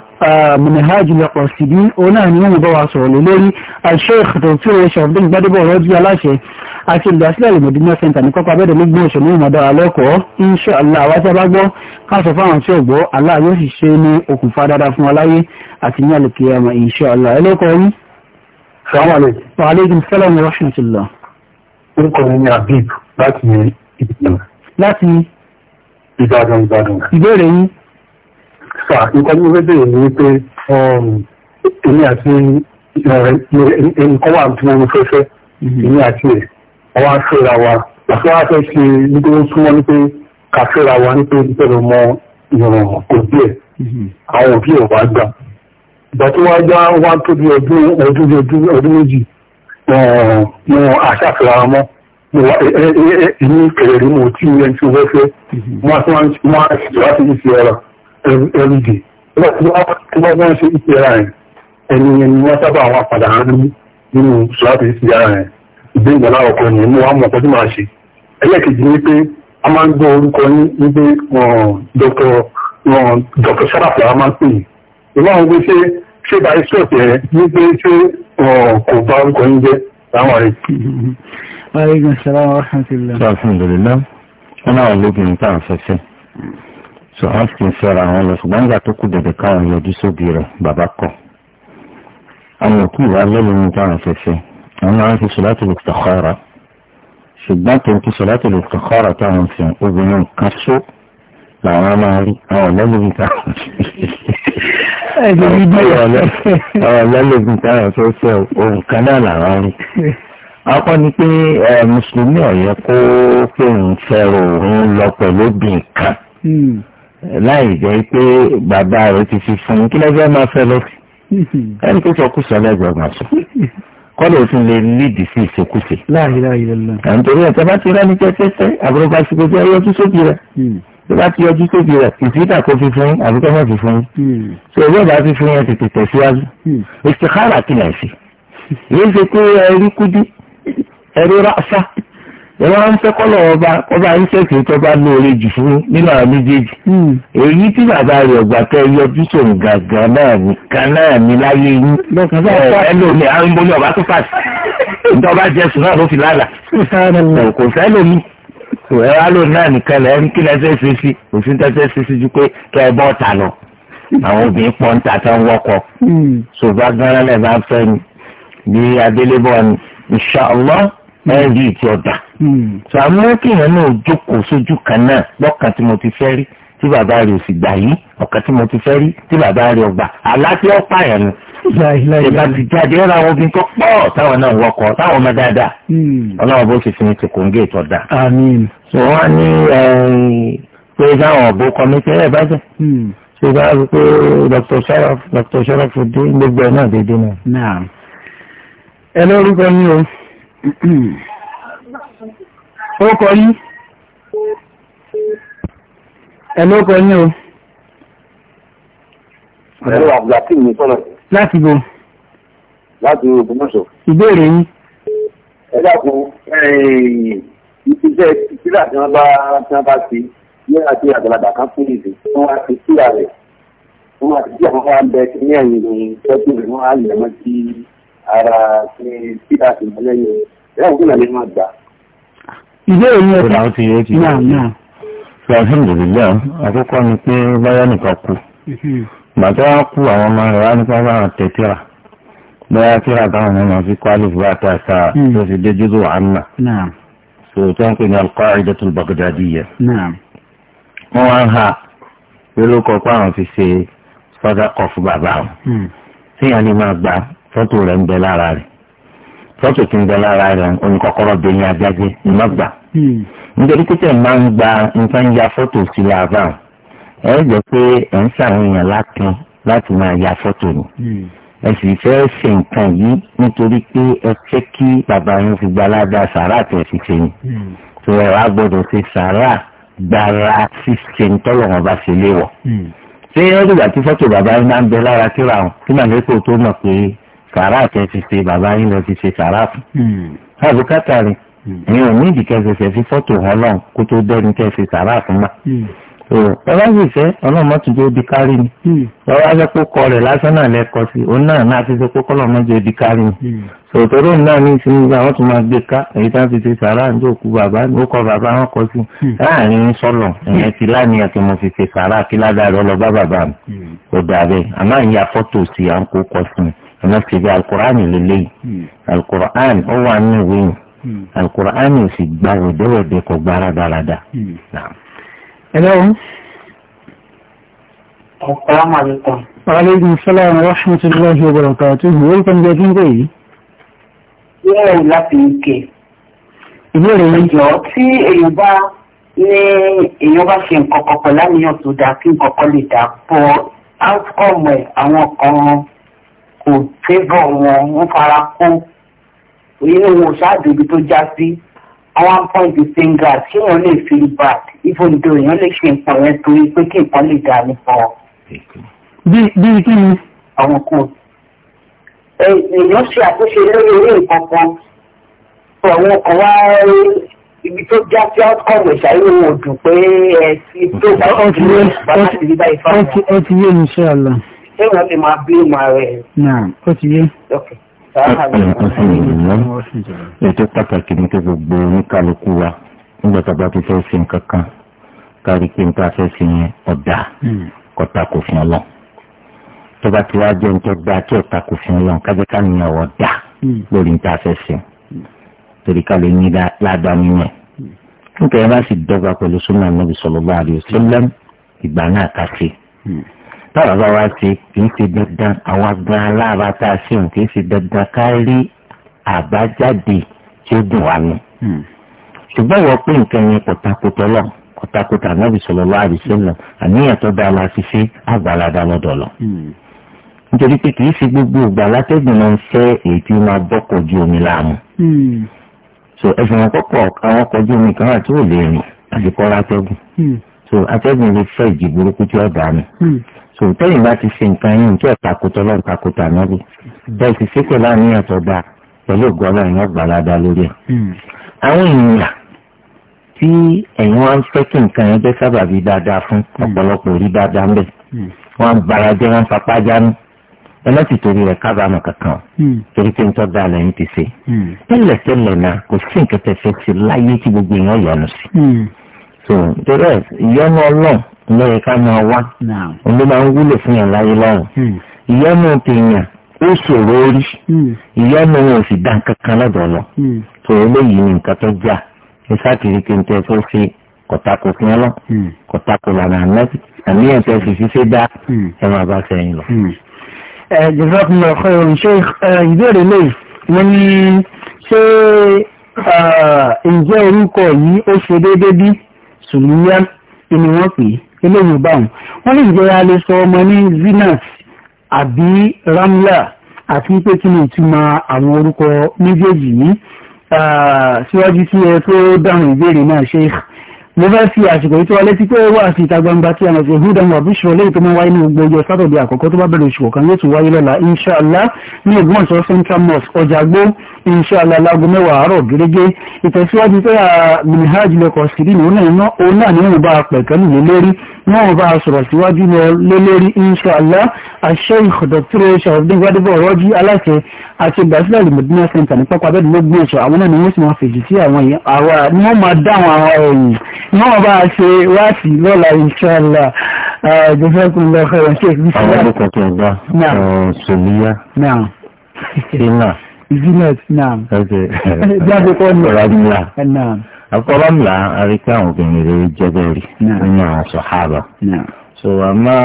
Speaker 2: manhajul qasidi òun náà ni wọ́n bá wa sọ̀rọ̀ lórí al-sheikh dr shabdin gbadebo rọ́jú aláṣẹ àti olùdásílẹ̀ al-Madina center ní kọ́kọ́ abẹ́dẹ̀ lẹ́gbọ́n òṣèlú ìmọ̀dá alẹ́kọ̀ọ́ insha Allah àwọn tí a bá gbọ́ káàsọ̀ fáwọn tí ó gbọ́ Allah yóò sì ṣe ní okùnfà dáadáa fún aláyé àti ní al-qiyama insha Allah ẹlẹ́kọ̀ọ́ yìí. salamu alaykum. wa aleykum salaam wa rahmatullah. orúkọ mi ni Habib láti Ìbàdàn. láti Ìbàdàn Ìbàdàn. ìbéèrè yín fà nǹkan tí mo fẹ́ bẹ̀rẹ̀ ni wípé um, èmi àti nǹkan uh, tí mo fẹ́ fẹ́ mhm. èmi àti ẹ̀ àwa fẹ́ra wa àti wọ́n á fẹ́ ṣe nítorí ó súnmọ́ ní pé ká fẹ́ra wa ní pé nítorí ọmọ ìrọ̀rùn kò díẹ̀ mhm. àwọn òbí ẹ̀ wá gbà ìgbà tó wá já wá tó ọdún ọdún ọdún méjì mo àṣàfẹ́ra wa mọ́ èmi kẹ̀lẹ́ rí mo tí ẹni tí mo fẹ́ fẹ́ mhm. mo á tún wá ṣètò láti ṣe ọ̀rọ̀ every day lọ́wọ́n ṣe ìpè ara ẹ̀ ẹni ẹni wọ́n sábà wà padà rán nínú ṣùláàtì ìpè ara ẹ̀ ìgbé ìgbà láwọ̀kọ́ ni mú wàá mọ̀ ọ̀pọ̀ tí máa ṣe ẹlẹ́ẹ̀kejì ni pé a máa ń gbọ́ orúkọ ní wípé dr sharaf la máa ń pè yìí ìwọ́n àwọn gbèsè ṣé bá iṣẹ́ ọ̀tẹ̀ rẹ̀ wípé ṣé kò bá orúkọ yín jẹ́ láwọn rẹ̀. aleykum
Speaker 1: salaam wa rahmatulah.
Speaker 2: alhamdulilah wọn náà lókun tá à ń fẹsẹ̀ so wọ́n fi ń fẹ́ra wọn lọ ṣùgbọ́n nígbà tó kù dẹ̀dẹ̀ káwọn yọjú sóbì rẹ̀ bàbá kọ̀ àwọn òkú ìwà lẹ́lẹ́yìn táwọn fẹ́fẹ́ àwọn máa ń fi sọ̀láàtì lè tọ̀kọ́ra ṣùgbọ́n tó ń fi sọ̀láàtì lè tọ̀kọ́ra táwọn fi obìnrin kan só làwọn máa rí àwọn lẹ́lẹ́yìn táwọn lẹ́lẹ́yìn táwọn fẹ́fẹ́ ohun kan náà làwọn rí akọ ni pé mùsùlùmí ọ̀yẹ́ kó pé òun fẹ́ràn òun lọ pẹ̀lú obìnrin kan. Hmm láì jẹ́ pé bàbá rẹ̀ ti fi fún un kí lọ́jọ́ máa fẹ́ lọ
Speaker 1: sí ẹni tó
Speaker 2: sọkúsọ lẹ́gbẹ̀ẹ́ sọ kọ́lé òfin lè nídìí sí ìṣekúṣe. àǹtorí ẹ̀ka bá ti rẹ́ni tẹ́tẹ́tẹ́ àbúrò bá ti gbogbo ẹyọ ojú sóbì rẹ̀ hmm. tó bá ti yọjú sóbì rẹ̀ ìsìdá kò fi fún yín àbúkọ́ náà fi fún yín. Hmm. sọ ìwé ìbá fi fún yín tètè tẹ̀síwájú. Hmm. ìṣèkára kìlẹ̀ sí. èyí ṣe pé ẹrí ìwọ ń fẹ́ kọ́ lọ́wọ́ bá ọba ń ṣètò tó bá lóore jù fún nínú àwọn méjèèjì. Hmm. èyí tí bàbá rẹ̀ ọ̀gbà tẹ́ yọjú sòun gàgà náà ní kan náà ní láyé yín. ẹlòmí àrùnbóyè ọba tó fàṣì ìjọba jẹsùn náà ló fi lálà. kò fẹ́ lómi ẹ wá lóun náà nìkan lẹ́yìn kí lẹ́sẹ̀ ṣe sí òfin tẹ́sẹ̀ ṣe sí ju pé kẹ́ ẹ bọ́ ta lọ àwọn obìnrin pọ̀ ń ta tán wọ́kọ̀ hmm. ṣùgbọ́n gbọ́n bá fẹ́ ni bí adélébọ̀ ni inṣàlá Hmm. ẹ rí ìtì ọ̀dà. Hmm. sọ àmọ́ kéèyàn náà jókòó sójú kan náà lọ́kàn tí mo ti fẹ́ rí tí bàbá rẹ̀ ò sì gbà yí ọ̀kan tí mo ti fẹ́ rí tí bàbá rẹ̀ ò gbà àlàáfíà ọ̀pá yẹn nu.
Speaker 1: ìgbà tí jáde ẹ̀rọ àwọn obìnrin kan pọ̀ táwọn náà wọkọ̀ táwọn ọmọ dáadáa. Hmm.
Speaker 2: ọlọ́run bó ti fi ní tìkún gé ìtọ̀ dà. sọ wọn ní pé táwọn ọ̀bọ kọ́mítì ẹ̀ bá jẹ́ ṣé bá rí pé Dr. Sharaf Dr. Sharaf dé gbogbo ẹ̀ náà dédé náà. ẹ lórúkọ mi o ó kọ yín ẹ ló yín o. ẹ̀rọ àbùdàtì mi sọ̀rọ̀. láti bo. láti Ògbómọ̀ṣọ́. ìbéèrè yín. ẹ dákun ìfisẹ́ ìfisílà tí wọ́n bá tí wọ́n bá ti ní àti àgbàlagbà kan fún ìdè wọ́n á ti sílà wọ́n á sí àwọn ọmọ abẹ ní ẹ̀yìn ìròyìn tọ́jú rẹ̀ wọ́n á lẹ̀ mọ́ sí ara ṣe títà sí lẹ́yìn ẹ̀rọ tó lè máa gbà. ìbéèrè ni ẹ̀ka ó ti yé ti yé ṣe alhamdulilayi àkọ́kọ́ ni pé báyọ̀ nìkan kú bàtà wọn kú àwọn ọmọ rẹ̀ wá nípa báwọn tẹ̀tẹ̀ra bóyá kíra táwọn ọmọ fi kọ́ àlùfáà àtàṣà hmm. tó fi dé jùlọ àmà sòtò ń pè ní al-Qaidatu al-Baghdadiyya. wọ́n wá ń ha pẹ̀lú kọ́kọ́ àwọn fi ṣe sọ́dọ̀ kọ́ fún bàbá wọn. Hmm. tíyàn fọ́tò rẹ̀ ń bẹ lára rẹ̀ fọ́tò tí ń bẹ lára rẹ̀ oníkọ́kọ́rọ́ bẹ ní ajáde ní má gbà. Hmm. nítorí pé tẹ̀ máa ń gba nǹkan ya fọ́tò sí làbá ẹ jọ pé ẹ̀ ń ṣàwòyàn lákin láti máa ya fọ́tò ni. Hmm. ẹ sì fẹ́ ṣe nǹkan yìí nítorí pé ẹ fẹ́ kí bàbá yín fi gbalada sàrà tẹ̀ fi ṣe ni. tó hmm. ẹ wá gbọ́dọ̀ ṣe sàrà gbára ṣíṣe ntọ́lọ́wọ́n bá ṣe léwọ̀. ṣé ẹ dìgbà tí fọ́tò bàbá yín máa ń bẹ lára kíra wọn kí màmí kò tó mọ̀ pé sàrà àtẹ fi ṣe bàbá yín lọ fi ṣe sàrà fún hmm. àbùkátà rẹ ẹ̀yin hmm. ò ní ìdíkẹ́ ṣẹ̀ṣẹ̀ fi fọ́tò ọlọ́run kó tó dẹ́ni kẹ́ ṣe sàrà fún mà ọba hmm. sì fẹ́ ọlọ́run má tún jẹ́ odi kárí ni ọba fẹ́ kó kọ rẹ̀ lásán náà lẹ́kọ̀ọ́ sí òun náà náà ti fẹ́ kó kọ́ lọ́mọ jẹ́ odi kárí ni sòtòrò náà ní ìsinmi gba àwọn tó máa gbé ká èyí tá a fi ṣe sàrà ní òkú bàbá ní ó bàbá wọn kọ sí láàrin sọlọ ọmọ kejì alukur'ani lélẹ́yìí hmm. alukur'ani ó wà nínú ìwé yìí hmm. alukur'ani ò sì gba òdòwòdè kò gba rádaràda. ẹ hmm. lọ́wọ́. Assalamu alaikum. Wa alaikum salam wa rahmatullahi wa barakatuh. Welcome back in Bay. Yẹ́ẹ̀ láti UK. Ìbéèrè yìí. Ìjọ tí èèyàn bá ní èèyàn bá ṣe nǹkan kọ̀ọ̀kan láníyàn tó dáa kí nǹkan kan lè dà pọ̀ kò fẹ́bọ̀ wọn wọ́n fara kó inú wọn ṣáàdùbí tó já sí àwọn apọ́ǹtì fingers kí wọ́n lè feel back even though èèyàn lè ṣe nǹkan yẹn torí pé kí nǹkan lè dà nípa ọ.
Speaker 1: bí kí ni. àwọn kò
Speaker 2: èèyàn ṣe àtúnṣe lórí orí nǹkan kan àwọn kan wá ibi tó já sí outcome ìṣàyẹ̀wò òdùn pé ẹ ti tó bá ti rí báyìí fáwọn.
Speaker 1: ẹ ti yé mi ṣe àlà
Speaker 2: ṣé wọ́n ti máa bí ìmọ̀ rẹ̀.
Speaker 1: náà ó ti yé. ètò
Speaker 2: pàtàkì ní kí gbogbo oníkàlùkù wa nígbà tá a bá ti fẹ́ ṣe nǹkan kan kárí pé nǹkan afẹ́ ṣe yẹn ọ̀dà hmm. kọ́ta kò fi ọlọ́ tó bá ti wá jẹ́ nǹkan dá kí ọ̀tà kò fi ọlọ́ kájẹ́ ká nìyẹn ọ̀dà hmm. lórí nǹkan afẹ́ ṣe torí ká lè ní ládàá nínú ẹ̀ hmm. nǹkan yẹn bá sì dọ́gba pẹ̀lú súnmọ́ ànábì sallallahu alaihi wasallam ìgbà náà ká ṣe táwọn bá wá ṣe kì í ṣe dandan àwọn gan aláàbá tá a ṣeun kì í ṣe dandan ká rí àbájáde tí ó dùn wá nù. Hmm. ṣùgbọ́n wọ́n pé nǹkan yẹn kò lọ kò takùtọ̀ ànábì sallallahu alaihi wasallam àníyàn tó dáa la fi ṣe àgbàládá lọ́dọ̀ lọ. Hmm. nítorí pé kì í ṣe gbogbo ìgbà látẹ́gùn máa ń fẹ́ èyí tí máa bọ́kọ̀ ju omi láàmú. Hmm. so ẹ̀sìn àkọ́kọ́ àwọn ọkọ̀ ojú omi kan àti òòlù ẹ̀rìn àti so atẹ́gùn lè fẹ́ ìjì burúkú tó tẹ́yìn bá ti ṣe nǹkan yín kí ẹ̀ka kó tọ́lọ́ nǹkan kó tà náà bí bẹ́ẹ̀ ti ṣe pẹ̀lú àníyàn tó dáa pẹ̀lú ògùn ọlọ́run yóò gbà ládàá lórí ẹ̀. Hmm. àwọn ènìyàn tí ẹ̀yin wá ń fẹ́ kí nǹkan yẹn jẹ́ sábàbí dáadáa fún hmm. ọ̀pọ̀lọpọ̀ orí dáadáa ń bẹ̀
Speaker 1: hmm. wọ́n bara
Speaker 2: jẹ́ wọ́n papá jánu ẹná ti torí rẹ̀ kábàámọ̀ kankan torí pé nítorí dáa lẹ́yìn ti ṣe tẹ́lẹ̀tẹ́lẹ̀ náà kò sí nǹkan tẹ̀sẹ̀ sí láyé tí gbogbo èèyàn sí. so nítorí ẹ̀ ìyọnu ọlọ́run lóye ká máa wá ló máa ń wúlò fún yàn láyé lọ́rùn hmm. ìyẹnu tèèyàn ó ṣòro
Speaker 1: rí hmm.
Speaker 2: ìyẹnu wọn ò sì dá kankan lọ́dọ̀ lọ tó hmm. eléyìí ní nǹkan tó jà ní sátìrí kéńté tó ṣe kọ̀tàkù fún ọ lọ kọ̀tàkù lànà ànábì àníyàn tó fi ṣiṣẹ́ dá ẹ máa bá sẹ́yìn lọ. ẹ jẹ́sọ́ fún mi ọ̀kọ́ ìròyìn ṣé ìbéèrè lè wọ́n ní ṣé ǹjẹ́ orúkọ yìí ó ṣe déédéé bí sùlùmíà ni wọ́n pè é eléyìí báwọn wọ́n lè jẹ́ alẹ́ sọ ọmọ ní zenith àbí ramla àti pé kí ni ìtumọ̀ àwọn orúkọ méjèèjì yìí ah, síwájú sí ẹ tó dáhùn ìbéèrè náà Sheikh mo fẹ́ fi àsìkò yìí tó wa létí pé wà sí ìta gbangba tí a lọ sí hudan wa bishro lẹ́yìn tó máa wáyé ní gbogbo ọjọ́ sátọ̀dẹ̀ àkọ́kọ́ tó bá bẹ̀rẹ̀ oṣù kọ̀ọ̀kan yóò tún wáyé lọ́la inṣàlá ní Ògbómọ̀ṣọ́ central mosque ọjàgbó inṣàlá láago mẹ́wàá àárọ̀ gẹ́gẹ́ ìtẹ̀síwájú tó yà minhaj lẹ́kọ̀ọ́ sídìí ni wọ́n bá pẹ̀kẹ́ wọn bá a sọ̀rọ̀ síwájú lọ lélórí inṣàlá àṣẹ ìkọ̀dọ̀tìrẹ́ ṣàwọ́dún gbadébọ̀ rọ́jí aláṣẹ àti ìgbàsílẹ̀ ìmọ̀dúnà center ní pápá bẹ́ẹ̀ lógún ẹ̀ṣọ́ àwọn náà ni wọ́n sì máa fèjì sí àwọn àwa ni wọ́n máa dá àwọn àwọn ẹ̀yìn ni wọ́n bá a ṣe wáàtì lọ́la inṣàlá jazakumullahu khairan ṣe ìlú sílá. àwọn olùkọ́ tó ń akọ́lọ́mùlà àríkà àwọn obìnrin rẹ̀ jẹ́bẹ̀rì nínú àwọn sọ̀hábà so àmọ́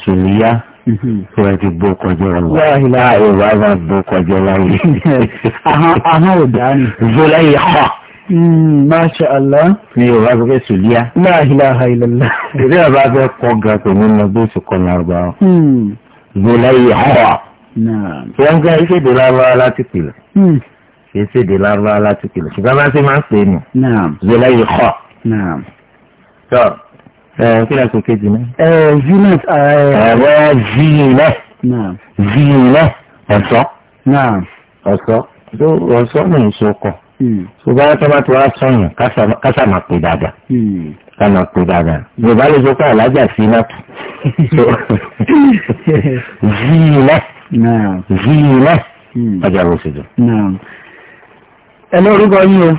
Speaker 2: sùlíyà mm-hmm. tó ẹ ti bó kọjọ́ lọ. láàyè láàyè wà á máa bó kọjọ́ láyé. ahọ́n ò dá ni. zola yìí mm, họ. Masha Allah. Ní Yorùbá fẹ́ sùlíà. La ilaha illallah. Ìdí àbá fẹ́ kọ́ ga pé mo mọ bó ṣe kọ́ lárúbá. Zola yìí họ. Ṣé ń gbé ìṣèdè lárúbá láti pìlẹ̀? kìí ṣèdè lárúbáwá láti kìlọ̀ ṣùgbọ́n bá ṣe máa ń pè é nù. zèlè yìí kọ́. tọ́ ẹ kí ló sọ kejì náà. ẹ
Speaker 1: zinat. ẹ wẹ́
Speaker 2: zinilẹ̀. zinilẹ̀ ọ̀ṣọ́. ọ̀ṣọ́ ọ̀ṣọ́ mi ń sọkọ̀. ṣùgbọ́n bá tọ́ba tó wá sọ̀yìn kásà máa pè dáadáa. Hmm. ká máa pè dáadáa. yorùbá lè sọ pé alájà sí iná tù.
Speaker 1: zinilẹ̀ zinilẹ̀ hmm.
Speaker 2: ọjà ló ṣe jù. Ẹ̀lọ́ orúkọ yín o.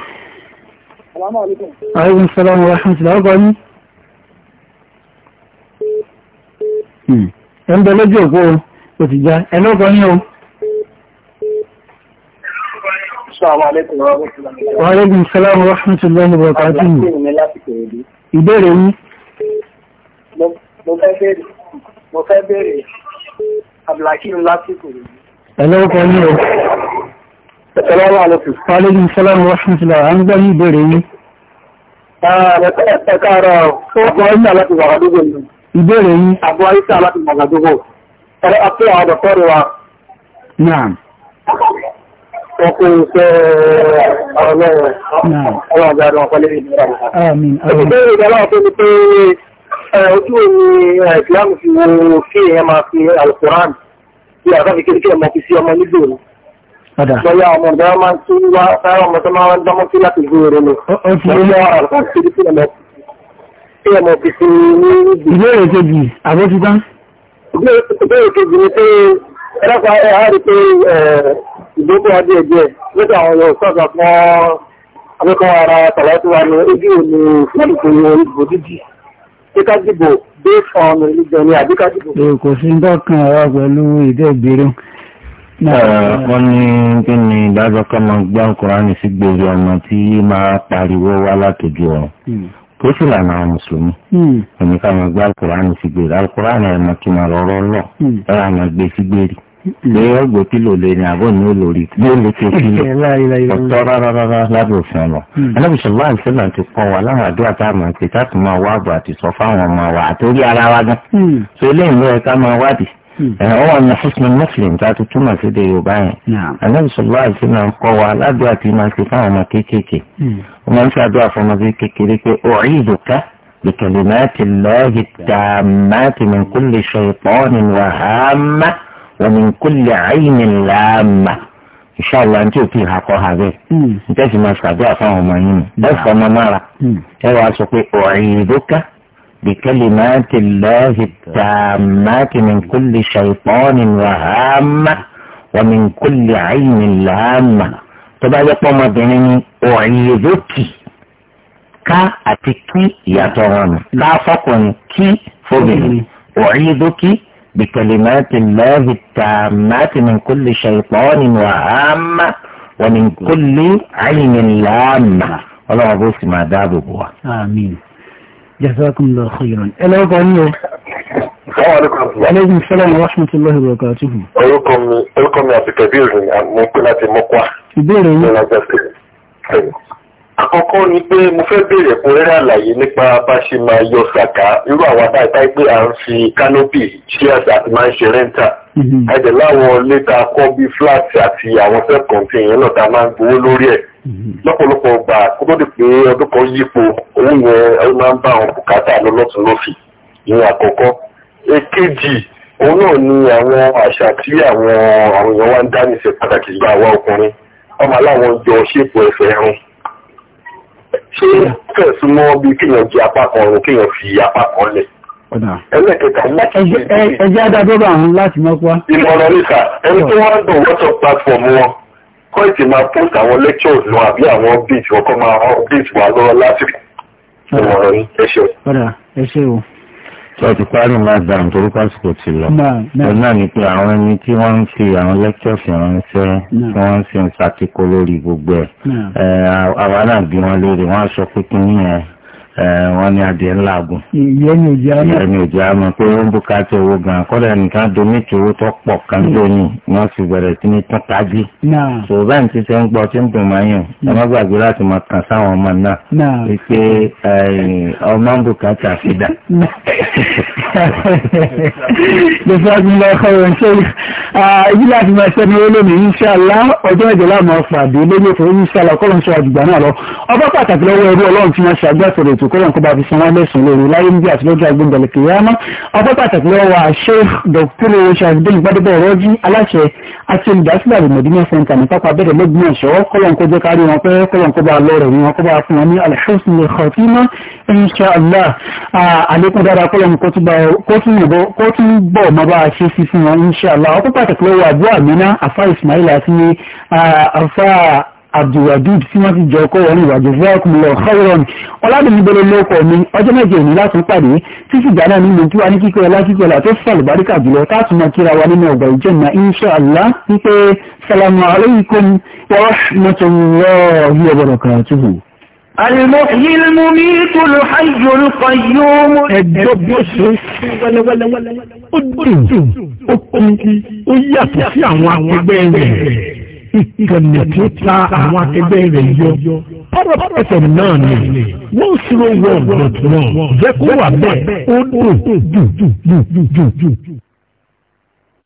Speaker 2: Àwọn ìṣẹ́lọ́mù Rahmatullahi ọgọ́ yín. Hmm. Ẹ ń bẹ lójú òpó o ti já. Ẹ̀lọ́ ọgọ́ yín o. Wa alaikum salam wa rahmatullahi wa barakatuh. Ìbéèrè yín. Mo fẹ́ bèèrè Abdullahi Lásìkò. Ẹ̀lọ́ ọkọ̀ yín o. Assalamu alaikum. Wa alaikum salam wa rahmatullah. An gbọ́ ní ìbéèrè yín. Ẹ̀ka ara fún ọkọ̀ Aisha láti Wàgàdógó ni. Ìbéèrè yín. Àbọ̀ Aisha láti Wàgàdógó. Ẹ̀rẹ́ àti àwọn ọ̀dọ̀kọ́ rẹ̀ wa.
Speaker 1: Naam. Ọkọ̀ ìṣẹ́ ọ̀rọ̀ lọ́wọ́. Naam. Ọlọ́run àgbà àwọn ọ̀pọ̀ lẹ́yìn ìgbà. Àmín. Ìbéèrè ìgbà láwọn tó ní pé ojú omi
Speaker 2: ìsìlámù fi wo kí èèyàn máa fi àlùkùránì. Bí àbá fi kékeré máa fi sí ọmọ Bọ́yá ọmọ ìdára máa ń tí wá sára ọmọ tó máa ń dámọ́ sí láti gbé oró lọ. Ó fi ilé ọ̀rọ̀ láti rí sí ọmọ. Ṣé ọmọ fi fi ní ìdí?
Speaker 1: Ìbéèrè kejì, àbó ti bá?
Speaker 2: Ìbéèrè kejì ni pé ẹlọ́pàá ẹ̀ á rí pé ìdókò ọdún ẹ̀jẹ̀ lọ́dọ̀ àwọn ọ̀yọ́ sọ́ọ̀sà fún akẹ́kọ̀ọ́ ara tàlá tó wà ní ojú òní fún ìpinnu ìbò dídì. Ṣé ká dìbò based on religion ni àbí ká dìbò? Kò sí ń dọ́kan ọ̀rọ̀ pẹ̀lú
Speaker 1: wọ́n
Speaker 2: ní kí ni ìdájọ́ ká máa gbá kúránì sí gbèrè ọmọ tí máa pariwo wá látòjú ọ̀run tó hmm. sì lànà àwọn mùsùlùmí òní hmm. ká máa gbá kúránì sí gbèrè alukúránì ẹ̀ máa tún máa rọrọ́ lọ hmm. ẹ̀ á máa gbé sí gbèrè lè ọgbẹ́ kílò lè ní àbọ̀ ní olórí bí ó lè ṣe kílò
Speaker 1: ọ̀tọ̀
Speaker 2: rárára lábẹ́ òfin ọ̀nà alábìsọ̀lá ìṣẹ̀lẹ̀ ti pọ̀ wá láwọn àdúrà tá a máa ń pè tá a tún máa wá àbọ̀ àti sọ fáwọn ọmọ wa àtórí ara wa gan
Speaker 1: so eléyìí ló yẹ ká máa wádìí يعني هو
Speaker 2: أن حسن نفلي بتاعت التومة في دي يبعين نعم النبي صلى الله عليه وسلم قوة الأدوى تيما كفاها ما كيكيكي وما نفع أدوى فما كيكيكي أعيدك بكلمات الله التامات من كل شيطان وهامة ومن كل عين لامة إن شاء الله أنتو فيها قوها به أنت نعم. ما سعدوها فهم ما يمي بس ما مرة هو أعيدك بكلمات الله التامات من كل شيطان وهامة ومن كل عين لامة tó يقوم بني أعيذك كا أتكي يا ìyàtọ̀ لا فقن كي فبني أعيذك بكلمات الله التامات من كل شيطان وهامة ومن كل عين لامة ọlọ́run bó ما máa آمين جزاكم الله ẹlẹ́kọ̀ọ́ ní ọ aleykum salaam wa rahmatullahi wa barakatuhu. orúkọ mi orúkọ mi àti kabir ni mo pé láti mọ́kwá. ìbéèrè yín. àkọ́kọ́ ni pé mo fẹ́ béèrè ẹ̀kúnrẹ́rẹ́ àlàyé nípa bá ṣe máa yọ sàká irú àwọn àdáìtá pé à ń fi kánópì ṣí àti máa ń ṣe rẹ́ńtà. Mhm. ẹ̀jẹ̀ láwọn létà kọ́ bíi fúláàtì àti àwọn sẹ́kọ̀ǹtì yẹn náà ta máa ń gbowó lórí ẹ̀ lọ́pọ̀lọpọ̀ ọgbà kó tó di pé ọdún kan yípo owó yẹn ó máa ń bá àwọn bùkátà lọ lọ́tún lọ́sì ìyẹn àkọ́kọ́ èkejì òun náà ni àwọn àṣà tí àwọn àwọn èèyàn wá ń dá níṣe pàtàkì gba àwa ọkùnrin ọmọ aláwọn jọ ṣépò ẹsẹ̀ ẹ̀rùn ṣé fẹ̀sùn mọ́ bí kéèyàn jẹ apá kan ọ̀run kéèyàn fi apá kan lẹ̀ ẹjẹ́ adájọ́ bá àwọn láti mọ́kúá. ìmọ̀ràn níta ẹni tó wá ń dùn wọ́tọ̀ platform wọn kọ́ ìtì máa post àwọn lectures wọn àbí
Speaker 1: àwọn update wọn kọ́ máa update wa lọ́wọ́ lásìkò ìmọ̀ràn yìí ẹ ṣe o.
Speaker 2: tí wọ́n ti parí madam torí pásítọ̀ ti lọ ẹ náà ni pé àwọn ẹni tí wọ́n ń fi àwọn lectures ránṣẹ́ tí wọ́n ń fi ń ṣàkíkọ́ lórí gbogbo ẹ̀ àwa náà bí wọ́n léèrè wọ́n á sọ pé kí ni ẹ̀ wọ́n ní adìẹ ńlá gùn. ìyẹn ni òjì àmọ́. ìyẹn ni òjì àmọ́ pé ó ń bùkátà owó gan-an kọ́dà nìkan donate owó tó pọ̀ kan lónìí wọ́n sì bẹ̀rẹ̀ sí ní tún tají. sọ̀rọ̀ báyìí ti ṣe ń gbọ́ tí ń dùn máa yàn ẹ má gbàgbé láti máa kàn sáwọn ọmọ náà wípé ọmọ ń bùkátà fìdá. lọ́sọ̀rọ̀ lọ ọ̀rọ̀ ń ṣe ibi láti máa ṣẹ́ni ó lónìí inṣàlá ọjọ́ ìjọba máa pàdé lórí òfin inṣàlá ọkọ̀ ètò kọ́lọ̀ nǹkan bá fi san wọ́n lẹ́sùn lórí láyé níbi àti lọ́jọ́ agbóńdọ̀lẹ̀ kìyàmá ọpẹ́ pàtàkì lọ́wọ́ wa Sheikh Dr. Sharafdeen Gbadebo Rọ́jí aláṣẹ àti olùdásílẹ̀ àlùmọ̀dínà center ní pápá abẹ́rẹ́ lọ́gbìmọ̀ṣọ́ kọ́lọ̀ abdulwadud tí wọ́n ti jọ kó wọlé ìwàjò fẹ́ẹ̀kùnlọ khairon ọládùnníbẹ̀rẹ̀ lóòkọ̀ mi ọjọ́ méje òní láti pàdé tí ṣùgbọ́n náà nínú tí wà ní kíkọ́ ọlá kíkọ́ ọlá tó fẹ́lẹ̀ báríkà jùlọ táàtùmọ̀ kíra wa nínú ọgbà ìjẹ́nà insha Allah wípé salamu alaykum wa rahmatullahi wa barakatuhu
Speaker 1: المحيي المميت الحي القيوم الدبس ó dùn ó kún ó yàtọ̀ sí àwọn kọ̀nẹ̀tẹ́ta àwọn akẹgbẹ́ rẹ̀ yọ power fm náà ni one zero one dot one jẹ́ kó wà bẹ́ẹ̀ ó dùn dùn dùn dùn dùn.